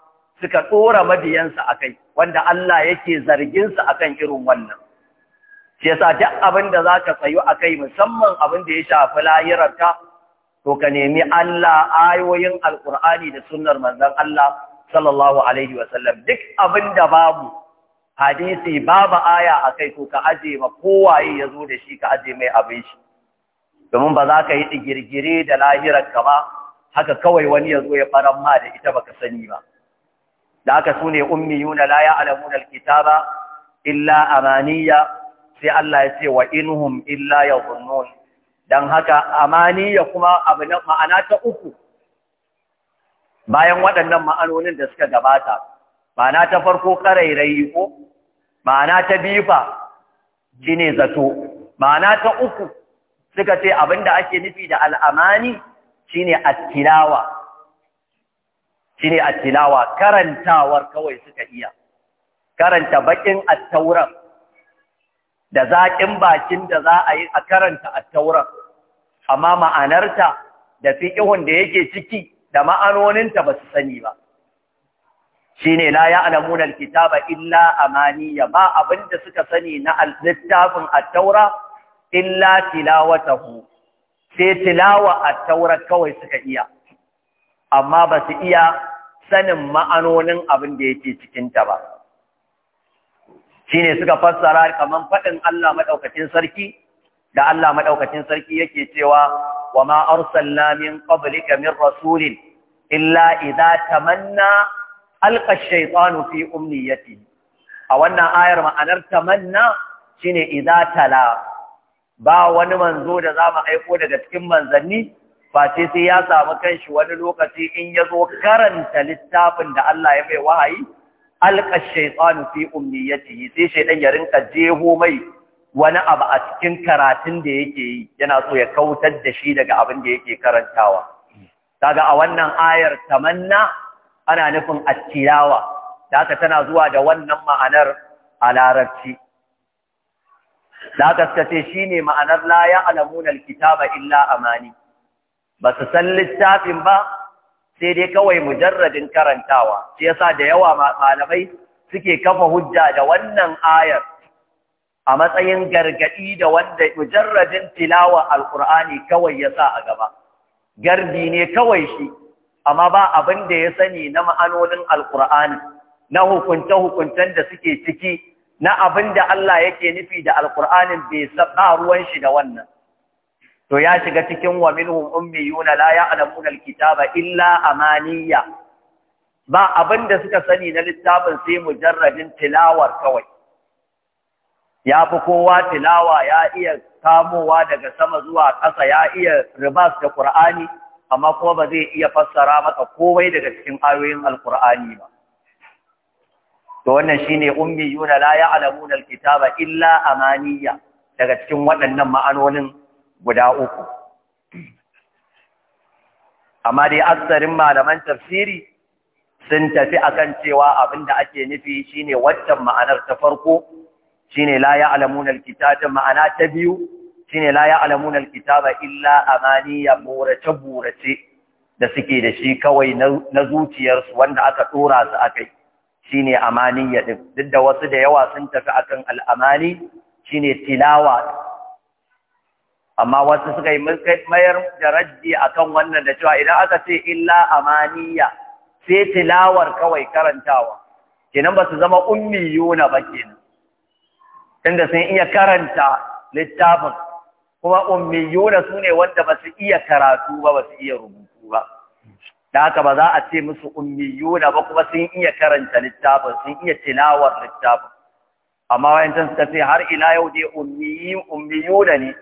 suka tsora mabiyansa akai wanda Allah yake zarginsa a akan irin wannan shi yasa duk abin da zaka tsayu akai musamman abin da ya shafi ka to ka nemi Allah ayoyin alqur'ani da sunnar manzon Allah sallallahu alaihi wasallam duk abin da babu hadisi babu aya a kai ko ka aje ma kowaye ya zo da shi ka aje mai abin shi domin ba za ka yi digirgire da lahirar ka ba haka kawai wani ya zo ya faran ma da ita baka sani ba da aka sune ummiyuna la ya'lamuna alkitaba illa amaniya sai Allah ya ce wa inhum illa yadhunnun dan haka amaniya kuma abu na ma'ana ta uku bayan waɗannan ma'anonin da suka gabata ma'ana ta farko karairayi ko ma'ana ta bifa shine zato ma'ana ta uku suka ce abinda ake nufi da al'amani shine at shine at-tilawa karantawar kawai suka iya karanta bakin at-taurat da zaƙin bakin da za a yi a karanta at-taurat amma ma'anarta da fiqhun da yake ciki da ma'anoninta ba su sani ba shine la ya'lamuna al-kitaba illa amaniya ba abinda suka sani na al-littafin at-taura illa tilawatahu sai tilawa at-taura kawai suka iya amma ba su iya sanin ma'anonin abin da yake cikinta ba. Shi ne suka fassara kamar faɗin Allah maɗaukacin sarki, da Allah maɗaukacin sarki yake cewa, wa ma arsalna min qablika min rasulin illa idan tamanna alqa ash-shaytanu fi umniyatihi a wannan ayar ma'anar tamanna shine idza tala ba wani manzo da za mu aiko daga cikin manzanni face sai ya samu kanshi wani lokaci in ya zo karanta littafin da Allah ya mai wahayi alqa shaytanu fi umniyatihi sai shaydan ya rinka jeho mai wani abu a cikin karatun da yake yi yana so ya kautar da shi daga abin da yake karantawa kaga a wannan ayar tamanna ana nufin attilawa da haka tana zuwa da wannan ma'anar a larabci da haka suka ce shine ma'anar la ya'lamuna alkitaba illa amani ba su san littafin ba sai dai kawai mujarradin karantawa shi yasa da yawa malamai suke kafa hujja da wannan ayar a matsayin gargadi da wanda mujarradin tilawa alqur'ani kawai yasa a gaba gardi ne kawai shi amma ba abin da ya sani na ma'anonin alqur'ani na hukunce hukuncen da suke ciki na abin da Allah yake nufi da alqur'anin bai sa ruwan shi da wannan to ya shiga cikin wa minhum ummiyuna la ya'lamuna alkitaba illa amaniya ba abinda suka sani na littafin sai mujarradin tilawar kawai ya fi kowa tilawa ya iya kamowa daga sama zuwa ƙasa ya iya ribas da ƙur'ani amma kuma ba zai iya fassara maka kowai daga cikin ayoyin Alkur'ani ba to wannan shine ummiyuna la ya'lamuna alkitaba illa amaniya daga cikin waɗannan ma'anonin guda uku amma dai aksarin malaman tafsiri sun tafi akan cewa abin da ake nufi shine waccan ma'anar ta farko shine la ya'lamuna alkitaba ma'ana ta biyu shine la ya'lamuna alkitaba illa amaniya burace burace da suke da shi kawai na zuciyarsu wanda aka dora su akai shine amaniya din duk da wasu da yawa sun tafi akan al'amani shine tilawa amma wasu suka yi mayar da a akan wannan da cewa idan aka ce illa amaniya sai tilawar kawai karantawa kenan ba su zama ummiyuna ba kenan tunda sun iya karanta littafin kuma ummiyuna su ne wanda ba su iya karatu ba ba su iya rubutu ba da haka ba za a ce musu ummiyuna ba kuma sun iya karanta littafin sun iya tilawar littafin amma wayancan suka ce har ila yau dai ummiyuna ne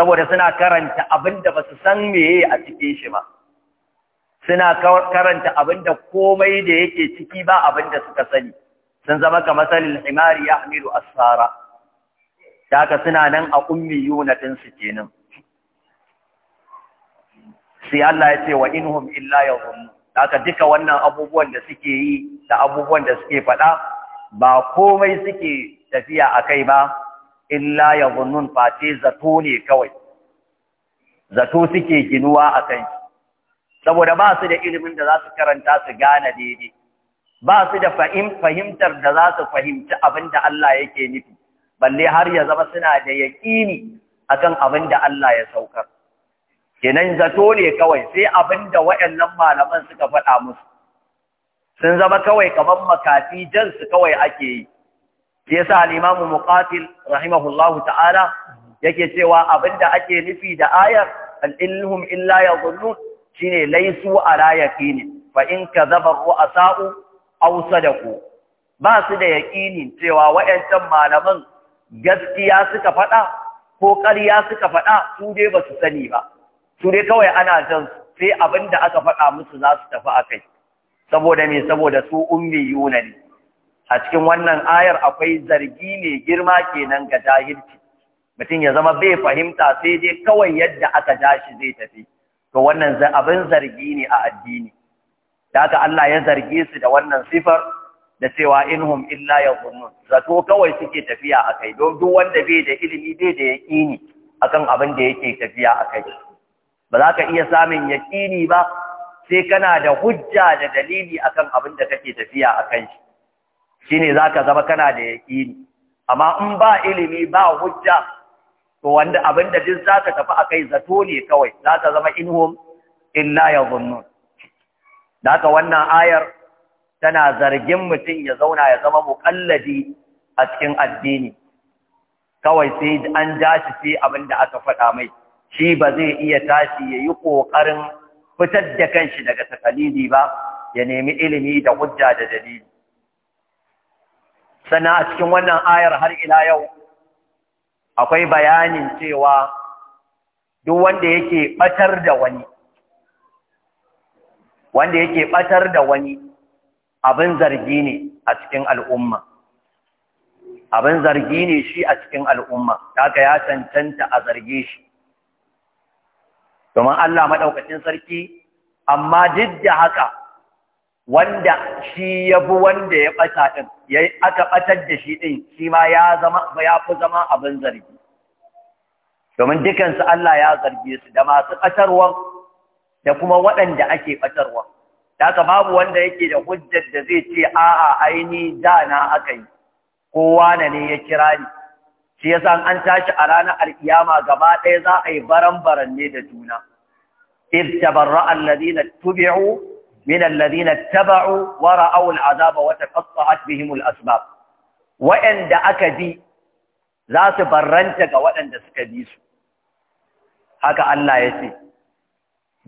saboda suna karanta abin da ba su san meye a cikin shi ba suna karanta abin da komai da yake ciki ba abin da suka sani sun zama ga masalin himari ya hamilu tsara, ta ka suna nan a ummi yunatin su kenan sai Allah ya ce wa inhum illa ta ka duka wannan abubuwan da suke yi da abubuwan da suke faɗa ba komai suke tafiya a kai ba illa ya zunnun face zato ne kawai zato suke ginuwa a kan saboda ba su da ilimin da za su karanta su gane daidai ba su da fahimtar da za su fahimci abin da Allah yake nufi balle har ya zama suna da yaƙini akan abin da Allah ya saukar kenan zato ne kawai sai abin da waɗannan malaman suka faɗa musu sun zama kawai kamar makafi jan su kawai ake yi shi yasa al-imamu muqatil rahimahullahu ta'ala yake cewa abinda ake nufi da ayar al-ilhum illa yadhunnun shine laysu ala yaqinin fa in kadhaba ru'asa'u aw ku. ba su da yaqinin cewa wayancan malaman gaskiya suka faɗa ko ƙarya suka faɗa su dai ba su sani ba su dai kawai ana jan sai abinda aka faɗa musu za su tafi akai saboda me saboda su ummiyuna Yunani. a cikin wannan ayar akwai zargi ne girma kenan ga jahilci mutum ya zama bai fahimta sai dai kawai yadda aka shi zai tafi to wannan abin zargi ne a addini da haka Allah ya zarge su da wannan sifar da cewa inhum illa yadhunnun zato kawai suke tafiya akai don duk wanda bai da ilimi bai da yaqini akan abin da yake tafiya akai ba za ka iya samun yaqini ba sai kana da hujja da dalili akan abin da kake tafiya akan shi shine zaka zama kana da yaƙini amma in ba ilimi ba hujja to wanda abin da duk zaka tafi a kai zato ne kawai zaka zama inhum illa yadhunnun da wannan ayar tana zargin mutum ya zauna ya zama muƙalladi a cikin addini kawai sai an ja sai abin da aka faɗa mai shi ba zai iya tashi ya yi ƙoƙarin fitar da kanshi daga takalidi ba ya nemi ilimi da hujja da dalili Sana a cikin wannan ayar har ila yau akwai bayanin cewa duk wanda yake batar da wani wanda yake batar da wani abin zargi ne a cikin al'umma abin zargi ne shi a cikin al'umma daga ya cancanta a zarge shi domin Allah maɗaukacin sarki amma duk da haka wanda shi ya bu wanda ya ɓata ɗin, yayi aka ɓatar da shi ɗin, shi ma ya fi zama abin zargi. Domin dukansu Allah ya zargi su da masu ɓatarwan da kuma waɗanda ake ɓatarwa. Da haka babu wanda yake da hujjar da zai ce, a'a aini da na aka yi, kowa na ne ya kira ni. Shi yasa an tashi a ranar alkiyama gaba ɗaya za a yi baran ne da juna. إذ تبرأ tubi'u min alladhina taba'u wa ra'aw al'azaba wa taqatta'at bihim al'asbab wa'anda aka bi za su barranta ga waɗanda suka bi su haka Allah ya ce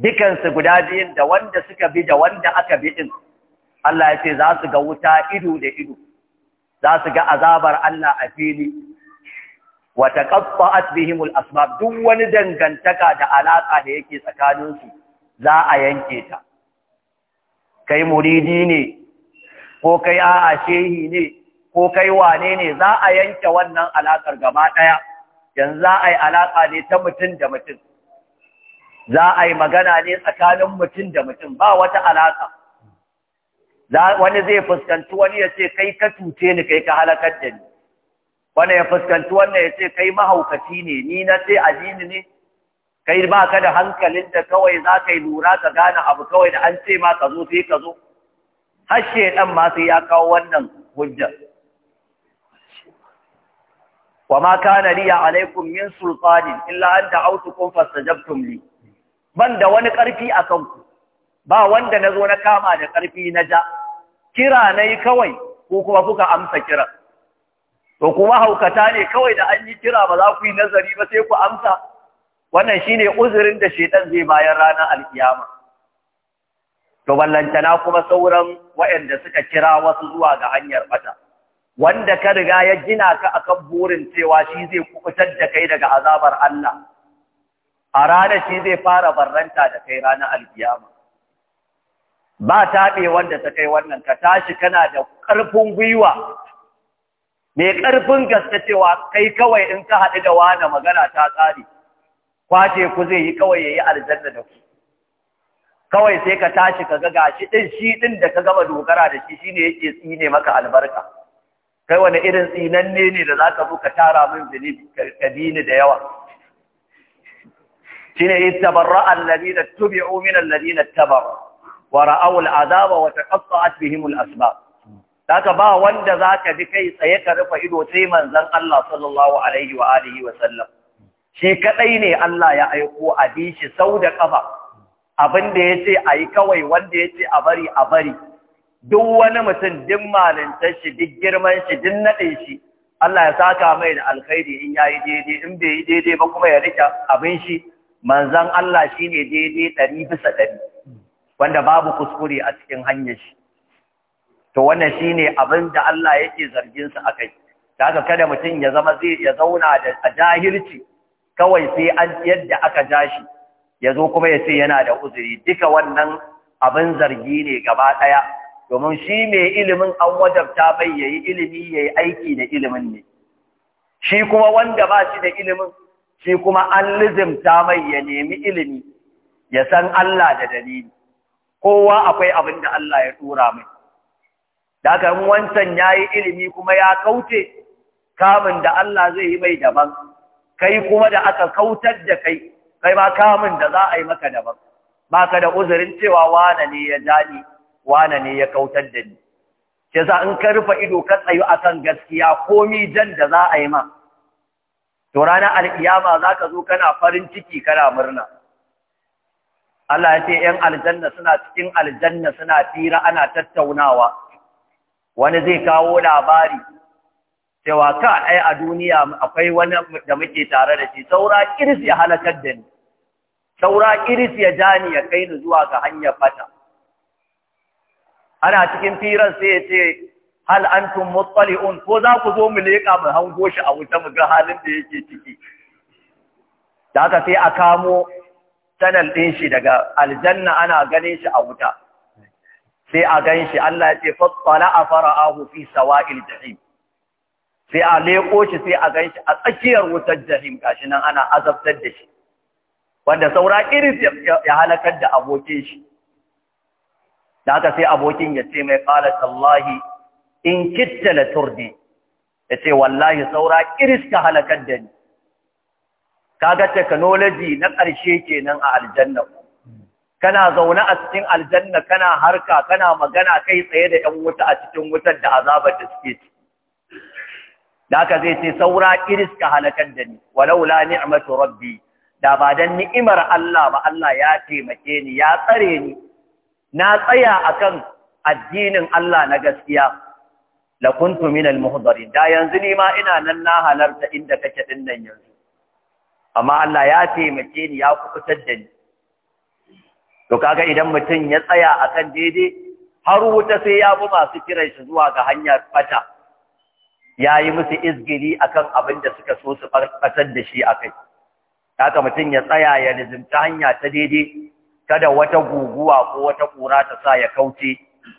dukansu guda biyun da wanda suka bi da wanda aka bi din Allah ya ce za su ga wuta ido da ido za su ga azabar Allah a fili Wata taqatta'at bihimul asbab duk wani dangantaka da alaƙa da yake tsakaninsu za a yanke ta kai muridi ne ko kai a'a shehi ne ko kai wane ne za a yanke wannan alaƙar gaba ɗaya yanzu za a yi alaƙa ne ta mutum da mutum za a yi magana ne tsakanin mutum da mutum ba wata alaƙa wani zai fuskanci wani ya ce kai ka cuce ni kai ka halakar da ni wani ya fuskanci wani ya ce kai mahaukaci ne ni na ce ajini ne kai ba ka da hankalin da kawai za ka yi lura ka gane abu kawai da an ce ma ka zo sai ka zo har shedan ma sai ya kawo wannan hujja wa ma kana li alaikum min sultanin illa an da'awtukum fastajabtum li ban da wani karfi a kanku ba wanda nazo na kama da karfi na ja kira nayi kawai ko kuma kuka amsa kira to kuma haukata ne kawai da an yi kira ba za ku yi nazari ba sai ku amsa wannan shine uzurin da shaitan zai bayan ranar alkiyama to ballantana kuma sauran waɗanda suka kira wasu zuwa ga hanyar bata wanda ka riga ya gina ka akan burin cewa shi zai kubutar da kai daga azabar Allah a ranar shi zai fara barranta da kai ranar alkiyama ba ta ɓe wanda ta kai wannan ka tashi kana da ƙarfin gwiwa mai ƙarfin gaske cewa kai kawai in ka haɗu da wani magana ta tsari kwace ku zai yi kawai ya yi aljanna da ku kawai sai ka tashi ka ga gashi ɗin shi ɗin da ka gama dogara da shi shine yake tsine maka albarka kai wani irin tsinanne ne da zaka zo ka tara min zunubi kadini da yawa shine ittabarra alladhina tubi'u min alladhina tabaru wa ra'aw al'azaba wa taqatta'at bihim al'asbab Daka ba wanda zaka bi kai tsaye ka rufe ido sai manzon Allah sallallahu alaihi wa alihi wa sallam shi kaɗai ne Allah ya aiko a bi shi sau da ƙafa. abin da ya ce a yi kawai wanda ya ce a bari a bari duk wani mutum din malintar shi duk girman shi duk naɗin shi Allah ya saka mai da alkhairi in ya yi daidai in bai yi daidai ba kuma ya rike abin shi manzan Allah shi ne daidai ɗari bisa ɗari wanda babu kuskure a cikin hanyar shi to wannan shi ne abin da Allah yake zargin zarginsa a kai da haka kada mutum ya zama zai ya zauna da jahilci kawai sai an yadda aka ja ya zo kuma ya ce yana da uzuri duka wannan abin zargi ne gaba ɗaya domin shi mai ilimin an wajabta bai yayi ilimi yayi aiki da ilimin ne shi kuma wanda ba shi da ilimin shi kuma an lizimta mai ya nemi ilimi ya san Allah da dalili kowa akwai abin da Allah ya tura mai daga wancan yayi ilimi kuma ya kauce kamun da Allah zai yi mai daban kai kuma da aka kautar da kai kai ma kamun da za a yi maka daban ka da uzurin cewa wane ne ya jani wane ne ya kautar da ni ke za in ka rufe ido ka tsayu a kan gaskiya komi jan da za a yi ma to ranar alkiyama za ka zo kana farin ciki kana murna Allah ya ce ‘yan aljanna suna cikin aljanna suna fira ana tattaunawa wani zai kawo labari cewa ka ai a duniya akwai wani da muke tare da shi saura iris ya halakar da ni saura iris ya ja ni ya kai ni zuwa ga hanyar fata ana cikin firar sai ya ce hal antum muttali'un ko za ku zo mu leƙa mu hango shi a wuta mu ga halin da yake ciki da haka sai a kamo sanal ɗin shi daga aljanna ana ganin shi a wuta sai a gan shi Allah ya ce fattala a fara'ahu fi sawa'il jahim sai a leƙo shi sai a ganshi a tsakiyar wutar jahim gashi nan ana azabtar da shi wanda saura iris ya halakar da abokin shi da haka sai abokin ya ce mai qala tallahi in kitta la turdi ya ce wallahi saura iris ka halakar da ni kaga technology na ƙarshe kenan a aljanna kana zaune a cikin aljanna kana harka kana magana kai tsaye da 'yan wuta a cikin wutar da azabar da suke ci da aka zai ce saura iris ka halakar da ni walaula ni'matu rabbi da ba dan ni'imar Allah ba Allah ya taimake ni ya tsare ni na tsaya akan addinin Allah na gaskiya la kuntu al muhdarin da yanzu ni ma ina nan na halarta inda kake din nan yanzu amma Allah ya taimake ni ya kubutar da ni to kaga idan mutum ya tsaya akan daidai har wuta sai ya bi masu kiran shi zuwa ga hanyar fata ya yi musu izgiri akan abin da suka so su farfasar da shi a kai haka mutum ya tsaya ya rizimta hanya ta daidai kada wata guguwa ko wata ƙura ta sa ya kauce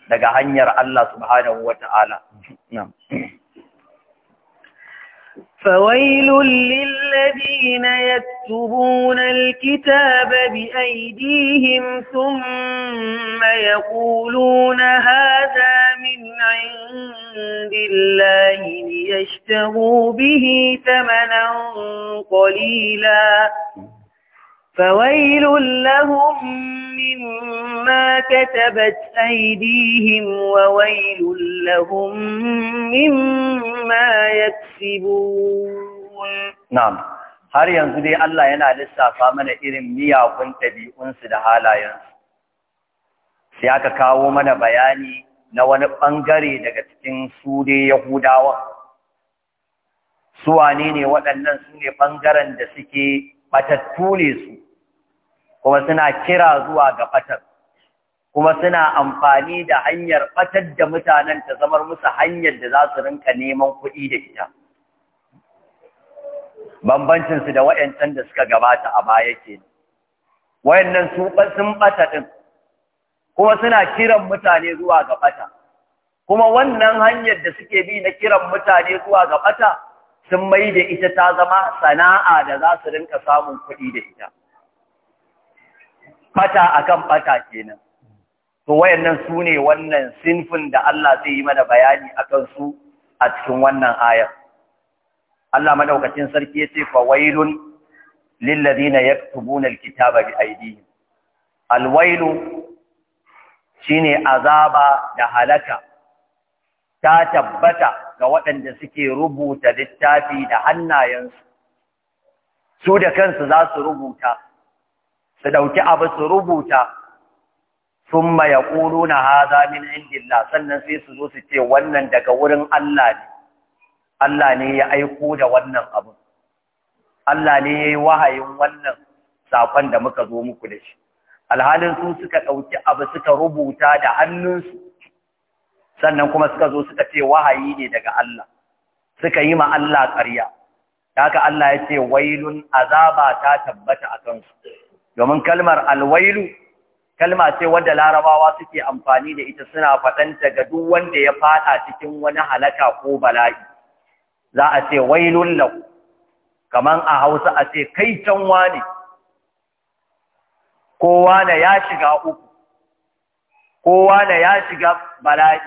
daga hanyar Allah subhanahu wa ta'ala فويل للذين يكتبون الكتاب بأيديهم ثم يقولون هذا من عند الله ليشتغوا به ثمنا قليلا فويل لهم مما كتبت أيديهم وويل لهم مما يكسبون نعم har yanzu dai Allah yana lissafa mana irin miyagun ɗabi'unsu da halayensu sai aka kawo mana bayani na wani ɓangare daga cikin su dai Yahudawa su wane ne waɗannan su ne ɓangaren da suke ɓatattu ne su kuma suna kira zuwa ga fatar kuma suna amfani da hanyar fatar da mutanen ta zamar musu hanyar da za su rinka neman kuɗi da ita bambancinsu da wa'yancan da suka gabata a baya ke wayannan su sun ɓata ɗin kuma suna kiran mutane zuwa ga fata kuma wannan hanyar da suke bi na kiran mutane zuwa ga fata sun mai da ita ta zama sana'a da za su rinka samun kuɗi da ita fata akan fata kenan to wayannan su ne wannan sinfin da Allah zai yi mana bayani akan su a cikin wannan ayar Allah madaukakin sarki yace fa wailun lil ladina yaktubuna alkitaba bi aydihim alwailu shine azaba da halaka ta tabbata ga waɗanda suke rubuta littafi da hannayensu su da kansu za su rubuta su ɗauki abu su rubuta sun maya ƙulu na haza min indillah sannan sai su zo su ce wannan daga wurin Allah ne Allah ne ya aiko da wannan abu Allah ne ya yi wahayin wannan saƙon da muka zo muku da shi alhalin su suka ɗauki abu suka rubuta da hannunsu sannan kuma suka zo suka ce wahayi ne daga Allah suka yi ma Allah ƙarya haka Allah ya ce wailun azaba ta tabbata a kansu domin kalmar alwailu kalma ce wadda larabawa suke amfani da ita suna faɗanta ga duk wanda ya faɗa cikin wani halaka ko bala'i za a ce wailun lahu kaman a hausa a ce kai can wane kowa da ya shiga uku kowa da ya shiga bala'i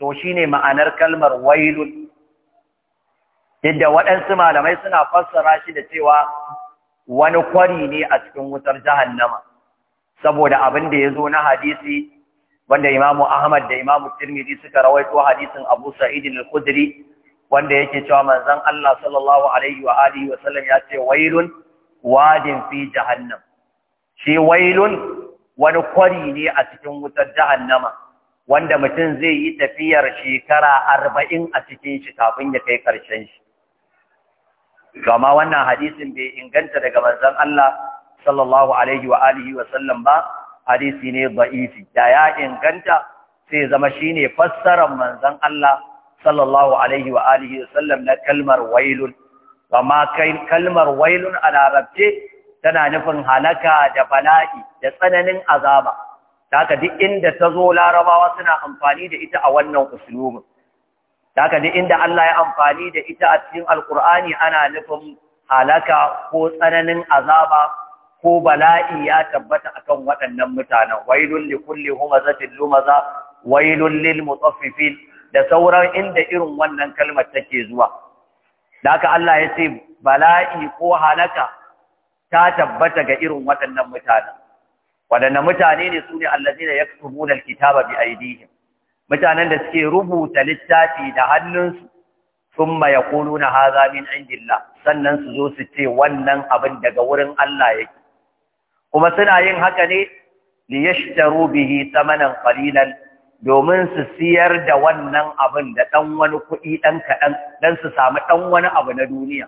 to shine ma'anar kalmar wailun yadda waɗansu malamai suna fassara shi da cewa wani kwari ne a cikin wutar jahannama saboda abin da ya zo na hadisi wanda imamu Ahmad da imamu Tirmidhi suka rawaito hadisin Abu Sa'id al-Khudri wanda yake cewa manzon Allah sallallahu alaihi wa alihi wa sallam ya ce wailun wadin fi jahannam shi wailun wani kwari ne a cikin wutar jahannama wanda mutum zai yi tafiyar shekara arba'in a cikin shi kafin ya kai ƙarshen shi Gama wannan hadisin bai inganta daga manzon Allah sallallahu alaihi wa alihi wa sallam ba, hadisi ne da'ifi. Da ya inganta sai zama shine fassarar manzon Allah sallallahu alaihi wa alihi wa sallam na kalmar wailun. Gama kalmar wailun a larabce tana nufin halaka da bala'i da tsananin azaba. Ta duk inda ta zo larabawa suna amfani da ita a wannan usulubin. Da haka inda Allah ya amfani da ita a cikin Alƙur'ani ana nufin halaka ko tsananin azaba ko bala'i ya tabbata akan waɗannan mutanen. Wailun li kulli humazatin wailun lil da sauran inda irin wannan kalmar take zuwa. Da Allah ya ce bala'i ko halaka ta tabbata ga irin waɗannan mutanen. Waɗannan mutane ne su ne allazina yaktubuna kitaba bi aidihim mutanen da suke rubuta littafi da hannunsu sun kulu na haza min angilla, sannan su zo su ce wannan abin daga wurin Allah yake kuma suna yin haka ne li rubihi bihi tsamanin kalilan domin su siyar da wannan abin da ɗan wani kuɗi ɗan kaɗan don su samu ɗan wani abu na duniya.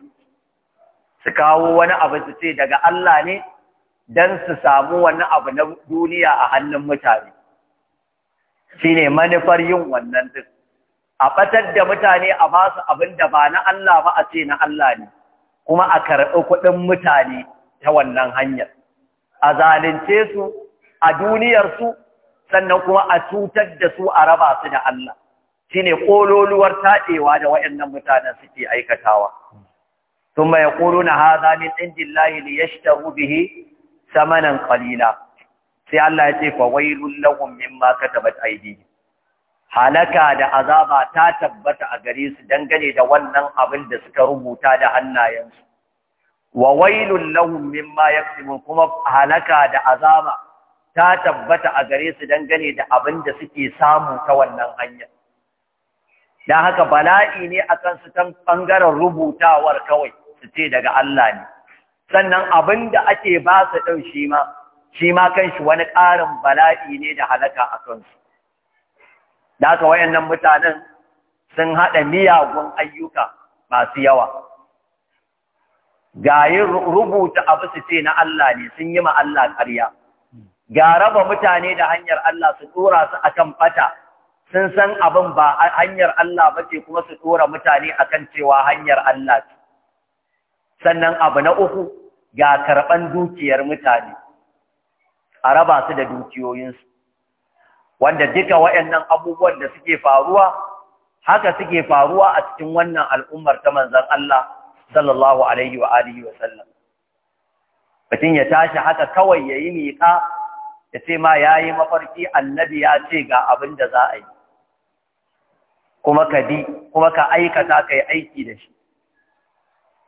Su kawo wani abu su ce daga Allah ne don su samu wani abu na duniya a hannun mutane. shine manufar yin wannan din a ɓatar da mutane a ba su abin da ba na Allah ba a ce na Allah ne kuma a karɓi kuɗin mutane ta wannan hanyar a zalunce su a duniyarsu sannan kuma a cutar da su a raba su da Allah shine ƙololuwar taɗewa da waɗannan mutanen suke aikatawa ثم يقولون هذا من عند الله ليشتروا به ثمنا قليلا sai Allah ya ce fa wailul lahum mimma katabat aydihim halaka da azaba ta tabbata a gare su dangane da wannan abin da suka rubuta da hannayensu wa wailul lahum mimma yaksubun kuma halaka da azaba ta tabbata a gare su dangane da abin da suke samu ta wannan hanyar Da haka bala'i ne a su ta ɓangaren rubutawar kawai su ce daga Allah ne, sannan abin da ake ba su shi ma shi ma shi wani ƙarin bala'i ne da halaka a kansu da haka wayannan mutanen sun haɗa miyagun ayyuka masu yawa ga yin rubuta abu su ce na Allah ne sun yi ma Allah ƙarya ga raba mutane da hanyar Allah su tsora su a kan fata sun san abin ba hanyar Allah ba ce kuma su tsora mutane a kan cewa hanyar Allah ce sannan abu na uku ga karɓan dukiyar mutane a raba su da dukiyoyinsu wanda duka waɗannan abubuwan da suke faruwa haka suke faruwa a cikin wannan al'ummar ta manzan Allah sallallahu alaihi wa alihi wa sallam mutum ya tashi haka kawai ya yi miƙa ya ce ma ya yi mafarki annabi ya ce ga abin da za a yi kuma ka bi kuma ka aikata ka yi aiki da shi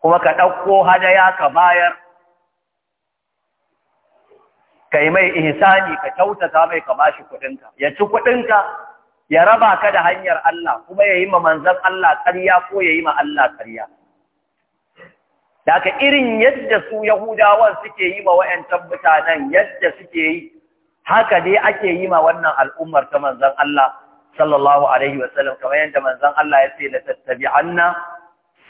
kuma ka ɗauko hadaya ka bayar ka yi mai ihsani ka kyautata mai ka bashi kuɗinka ya ci kuɗinka ya raba ka da hanyar Allah kuma ya yi ma manzan Allah ƙarya ko ya yi ma Allah ƙarya daga irin yadda su Yahudawan suke yi ma wa'yancan mutanen yadda suke yi haka dai ake yi ma wannan al'ummar ta manzan Allah sallallahu alaihi kamar yadda manzan Allah ya ce la tattabi'anna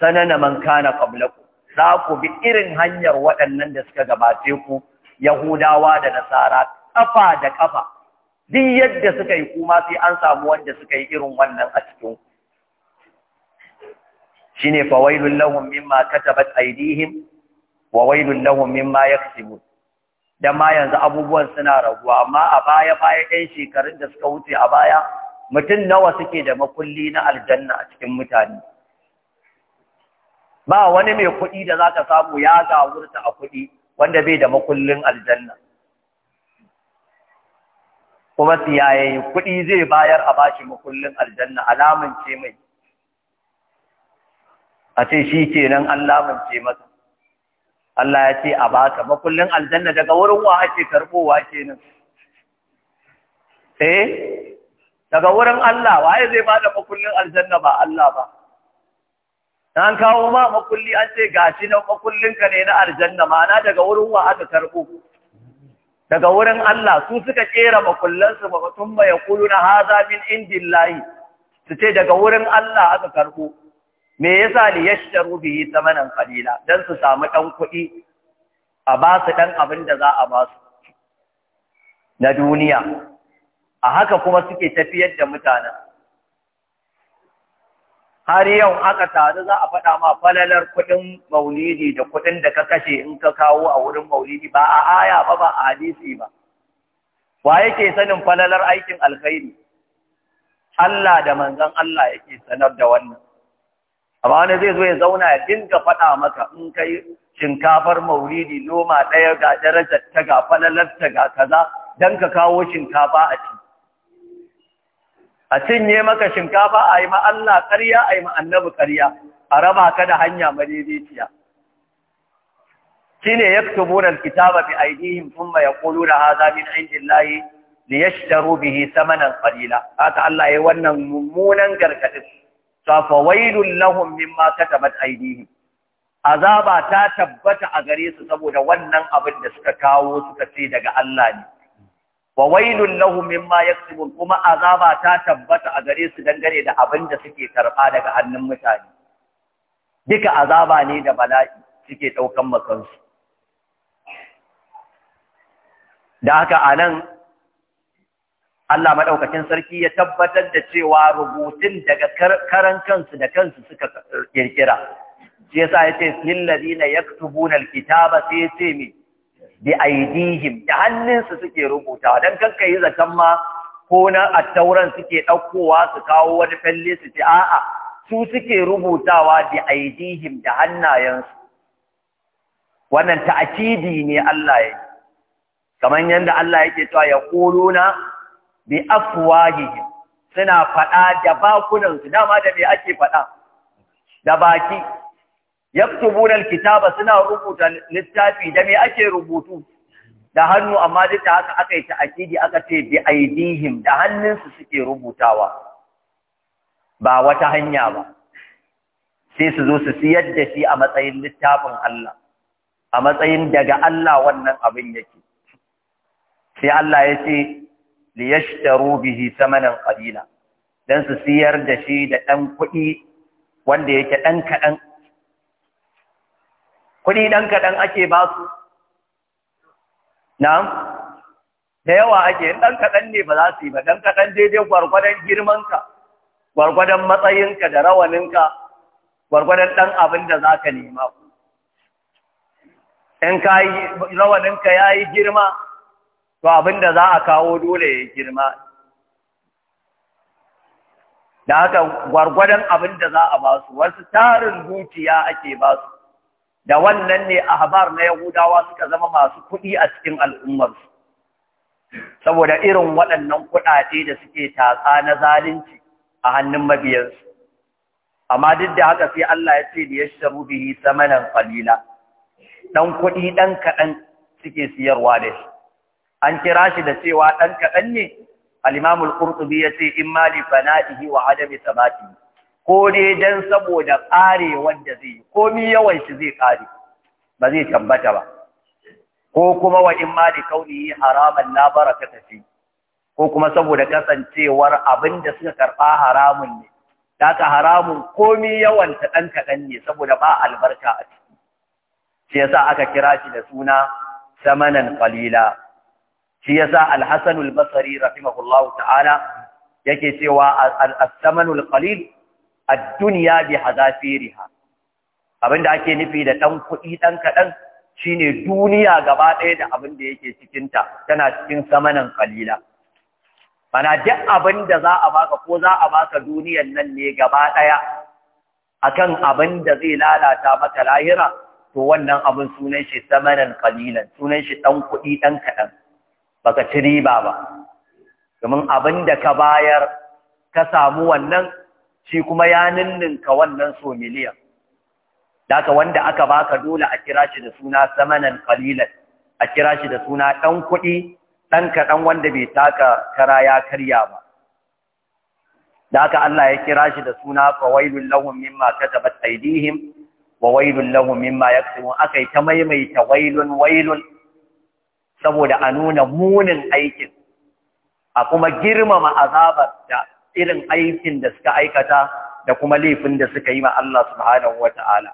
sanana man kana qablakum za ku bi irin hanyar waɗannan da suka gabace ku yahudawa da nasara kafa da kafa duk yadda suka yi kuma sai an samu wanda suka yi irin wannan a cikin shine fawailul lahum mimma katabat aydihim wa wailul lahum mimma yaksibun dan ma yanzu abubuwan suna raguwa amma a baya baya ɗan shekarun da suka wuce a baya mutum nawa suke da makulli na aljanna a cikin mutane ba wani mai kuɗi da zaka samu ya gawurta a kuɗi wanda bai da makullin aljanna kuma siyaye kuɗi zai bayar a bashi makullin aljanna alamun ce mai a ce shi nan alamun ce masa Allah ya ce a baka makullin aljanna daga wurin wa ake karbowa nan eh daga wurin Allah waye zai bada makullin aljanna ba Allah ba an kawo ma makulli an ce gashi na ka ne na aljanna ma'ana daga wurin wa aka karbo daga wurin Allah su suka kera makullansu ba ya mai na haza min indillahi su ce daga wurin Allah aka karbo me yasa ya shiru bihi thamanan qalila dan su samu ɗan kuɗi a ba su dan abin da za a ba su na duniya a haka kuma suke tafiyar da mutanen har yau aka taru za a faɗa ma falalar kuɗin maulidi da kuɗin da ka kashe in ka kawo a wurin maulidi ba a aya ba ba a hadisi ba wa yake sanin falalar aikin alkhairi Allah da manzon Allah yake sanar da wannan amma wani zai zo ya zauna ya dinga faɗa maka in kai shinkafar maulidi noma ɗaya ga darajar ta ga falalar ta ga kaza dan ka kawo shinkafa a ciki. a cinye maka shinkafa a yi Allah ƙarya a yi annabi ƙarya a raba ka da hanya madaidaiciya shine yaktubuna alkitaba sun aydihim thumma da haza, min indillahi liyashtaru bihi samanan qalila haka Allah yi wannan mummunan gargadin fa fawailul lahum mimma katabat aidihin. azaba ta tabbata a gare su saboda wannan abin da suka kawo suka ce daga Allah ne wa wailun lahum mimma yaktubun kuma azaba ta tabbata a gare su dangane da abin da suke karba daga hannun mutane duka azaba ne da bala'i suke daukan makansu da haka anan Allah madaukakin sarki ya tabbatar da cewa rubutun daga karan kansu da kansu suka kirkira shi yasa yace lil ladina yaktubuna alkitaba sai yace me bi aidihim da hannunsu suke rubuta dan kanka yi zakan ma ko na attauran suke ɗaukowa su kawo wani falle su ce a'a su suke rubutawa bi aidihim da hannayensu wannan ta'kidi ne Allah ya kamar yadda Allah yake cewa ya quluna bi afwahihim suna faɗa da bakunansu dama da me ake faɗa da baki yaktubuna alkitaba suna rubuta littafi da me ake rubutu da hannu amma duk da haka aka yi ta'akidi aka ce bi aidihim da hannunsu suke rubutawa ba wata hanya ba sai su zo su siyar da shi a matsayin littafin Allah a matsayin daga Allah wannan abin yake sai Allah ya ce liyashtaru bihi samanan qalila dan su siyar da shi da dan kuɗi wanda yake dan kaɗan kuɗi ɗan kaɗan ake ba su na da yawa ake ɗan kaɗan ne ba za su yi ba ɗan kaɗan daidai gwargwadon girmanka gwargwadon matsayinka da rawaninka gwargwadon ɗan abin da za ka nema in ka yi rawaninka ya yi girma to abin da za a kawo dole ya girma da haka gwargwadon abin da za a ba su wasu tarin dukiya ake ba su da wannan ne ahbar na yahudawa suka zama masu kuɗi a cikin al'ummarsu saboda irin waɗannan kuɗaɗe da suke tatsa na zalunci a hannun mabiyansu amma duk da haka sai Allah ya ce da yashtaru bihi samanan qalila dan kuɗi ɗan kaɗan suke siyarwa da shi an kira shi da cewa ɗan kaɗan ne alimamul imam ya ce yace imma li fana'ihi wa adami sabatihi ko ne dan saboda ƙare wanda zai yi komi yawan shi zai ƙare ba zai tambata ba ko kuma wa ma da kauni haraman la tafi ko kuma saboda kasancewar abin da suka karɓa haramun ne daga haramun komi yawan ta ɗan kaɗan ne saboda ba albarka a ciki shi yasa aka kira shi da suna samanan kalila shi yasa al-hasan rahimahullahu ta'ala yake cewa al-samanul qalil addunya bi hazafiriha abinda ake nufi da dan kuɗi dan kaɗan shine duniya gaba ɗaya da abin da yake cikinta tana cikin samanin kalila Bana duk abin da za a baka ko za a baka duniyan nan ne gaba ɗaya akan abin da zai lalata maka lahira to wannan abin sunan shi samanin kalilan sunan shi ɗan kuɗi ɗan kaɗan baka ci riba ba domin abin da ka bayar ka samu wannan shi kuma ya ninninka wannan so miliyan daka wanda aka baka dole a kira shi da suna samanan qalilan a kira shi da suna ɗan kuɗi ɗan kaɗan wanda bai taka kara ya karya ba daga Allah ya kira shi da suna fawailul lahum mimma katabat aydihim wa wailul lahum mimma yaksubun akai ta maimaita wailun wailun saboda a nuna munin aikin a kuma girmama azabar da irin aikin da suka aikata da kuma laifin da suka yi ma Allah subhanahu wata'ala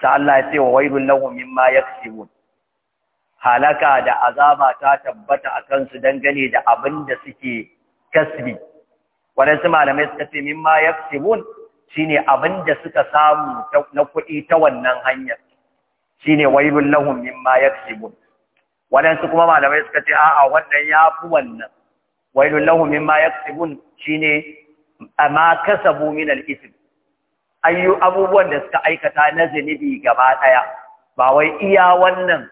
Sa Allah ya ce wa wailul lahum mimma yaksibun halaka da azaba ta tabbata akan su dangane da abin da suke kasbi su malamai suka ce mimma yaksibun shine abin da suka samu na kuɗi ta wannan hanyar shine wailul lahum mimma yaksibun su kuma malamai suka ce a'a wannan yafi wannan wailul lahum mimma yaksibun shine ma kasabu min al-ithm ayu abubuwan da suka aikata na zinibi gaba daya ba wai iya wannan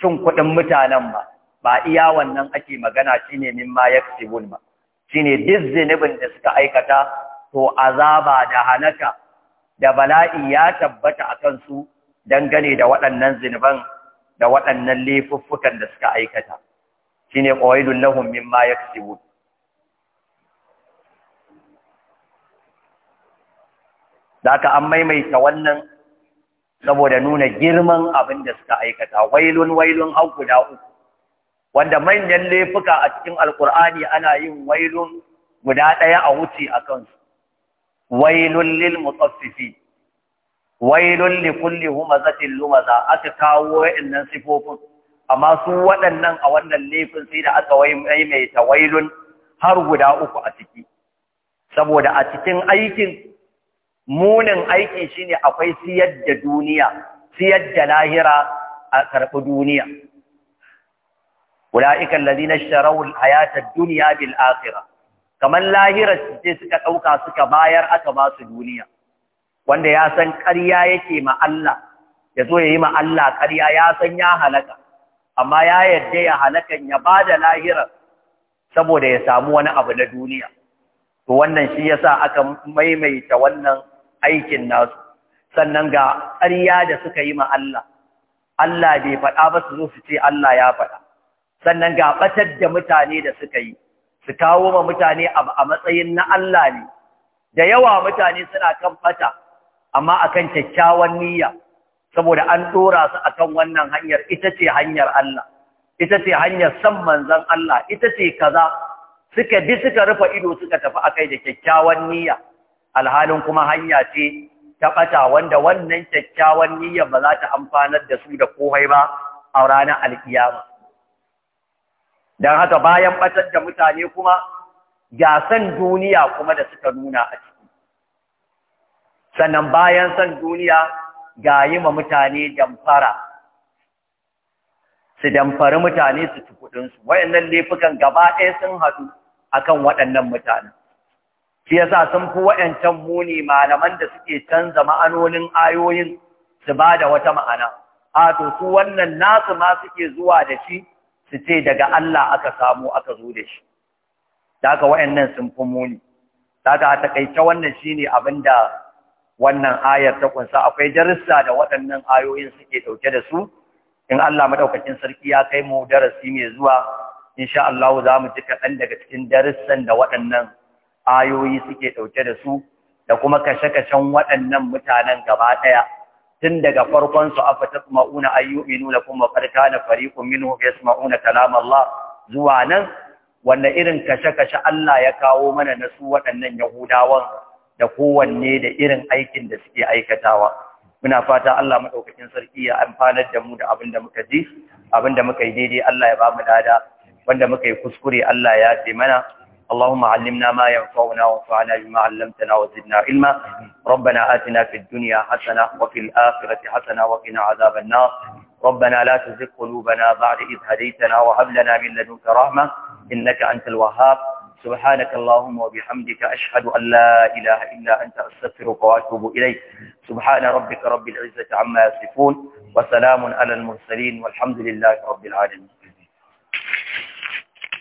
cin kuɗin mutanen ba ba iya wannan ake magana shine mimma yaksibun ba shine duk zinibin da suka aikata to azaba da halaka da bala'i ya tabbata akan su dangane da waɗannan zinuban da waɗannan laifuffukan da suka aikata shine qawaidul lahum mimma yaksibun Daka an maimaita wannan saboda nuna girman abin da suka aikata wailun wailun har uku wanda manyan laifuka a cikin alkur'ani ana yin wailun guda ɗaya a wuce a kansu wailun lil mutaffifi wailun li kulli lumaza aka kawo wa'annan sifofin amma su waɗannan a wannan laifin sai da aka maimaita wailun har guda uku a ciki saboda a cikin aikin munin aiki shine akwai siyar da duniya siyar da lahira a karɓi duniya ula'ikan ladina sharau al-hayata duniya bil akhirah kamar lahirar ce suka ɗauka suka bayar aka ba su duniya wanda ya san ƙarya yake ma Allah ya zo ya yi ma Allah ƙarya ya san ya halaka amma ya yarda ya halakan ya ba da lahirar saboda ya samu wani abu na duniya to wannan shi yasa aka maimaita wannan aikin nasu sannan ga ƙarya da suka yi ma Allah Allah bai faɗa ba su zo su ce Allah ya faɗa sannan ga ɓatar da mutane da suka yi su kawo ma mutane a matsayin na Allah ne da yawa mutane suna kan fata amma akan kyakkyawan niyya saboda an dora su akan wannan hanyar ita ce hanyar Allah ita ce hanyar san manzon Allah ita ce kaza suka bi suka rufe ido suka tafi akai da kyakkyawan niyya alhalin kuma hanya ce ta bata wanda wannan kyakkyawan niyya ba za ta amfanar da su da kohai ba a ranar alkiyama dan haka bayan batar da mutane kuma ga san duniya kuma da suka nuna a ciki sannan bayan san duniya ga yi ma mutane damfara su damfari mutane su ci kudinsu waɗannan laifukan gaba ɗaya sun haɗu akan waɗannan mutane shi sa sun fi waɗancan muni malaman da suke canza ma'anonin ayoyin su ba da wata ma'ana a to su wannan nasu ma suke zuwa da shi su ce daga Allah aka samu aka zo da shi da aka waɗannan sun fi muni da aka a taƙaice wannan shine abin da wannan ayar ta kunsa akwai darussa da waɗannan ayoyin suke ɗauke da su in Allah madaukakin sarki ya kai mu darasi mai zuwa insha Allah za mu ji kaɗan daga cikin darussan da waɗannan ayoyi suke ɗauke da su da kuma kashe-kashen waɗannan mutanen gaba ɗaya tun daga farkon su afa tasma'una ayyuminu da kuma farka na fariqun minhu yasma'una kalam Allah zuwa nan wanda irin kashe-kashe Allah ya kawo mana na su waɗannan Yahudawan da kowanne da irin aikin da suke aikatawa muna fata Allah madaukakin sarki ya amfanar da mu da abin da muka ji abin da muka yi daidai Allah ya ba mu dada wanda muka yi kuskure Allah ya ce mana اللهم علمنا ما ينفعنا وانفعنا بما علمتنا وزدنا علما ربنا آتنا في الدنيا حسنة وفي الآخرة حسنة وقنا عذاب النار ربنا لا تزغ قلوبنا بعد إذ هديتنا وهب لنا من لدنك رحمة إنك أنت الوهاب سبحانك اللهم وبحمدك أشهد أن لا إله إلا أنت أستغفرك وأتوب إليك سبحان ربك رب العزة عما يصفون وسلام على المرسلين والحمد لله رب العالمين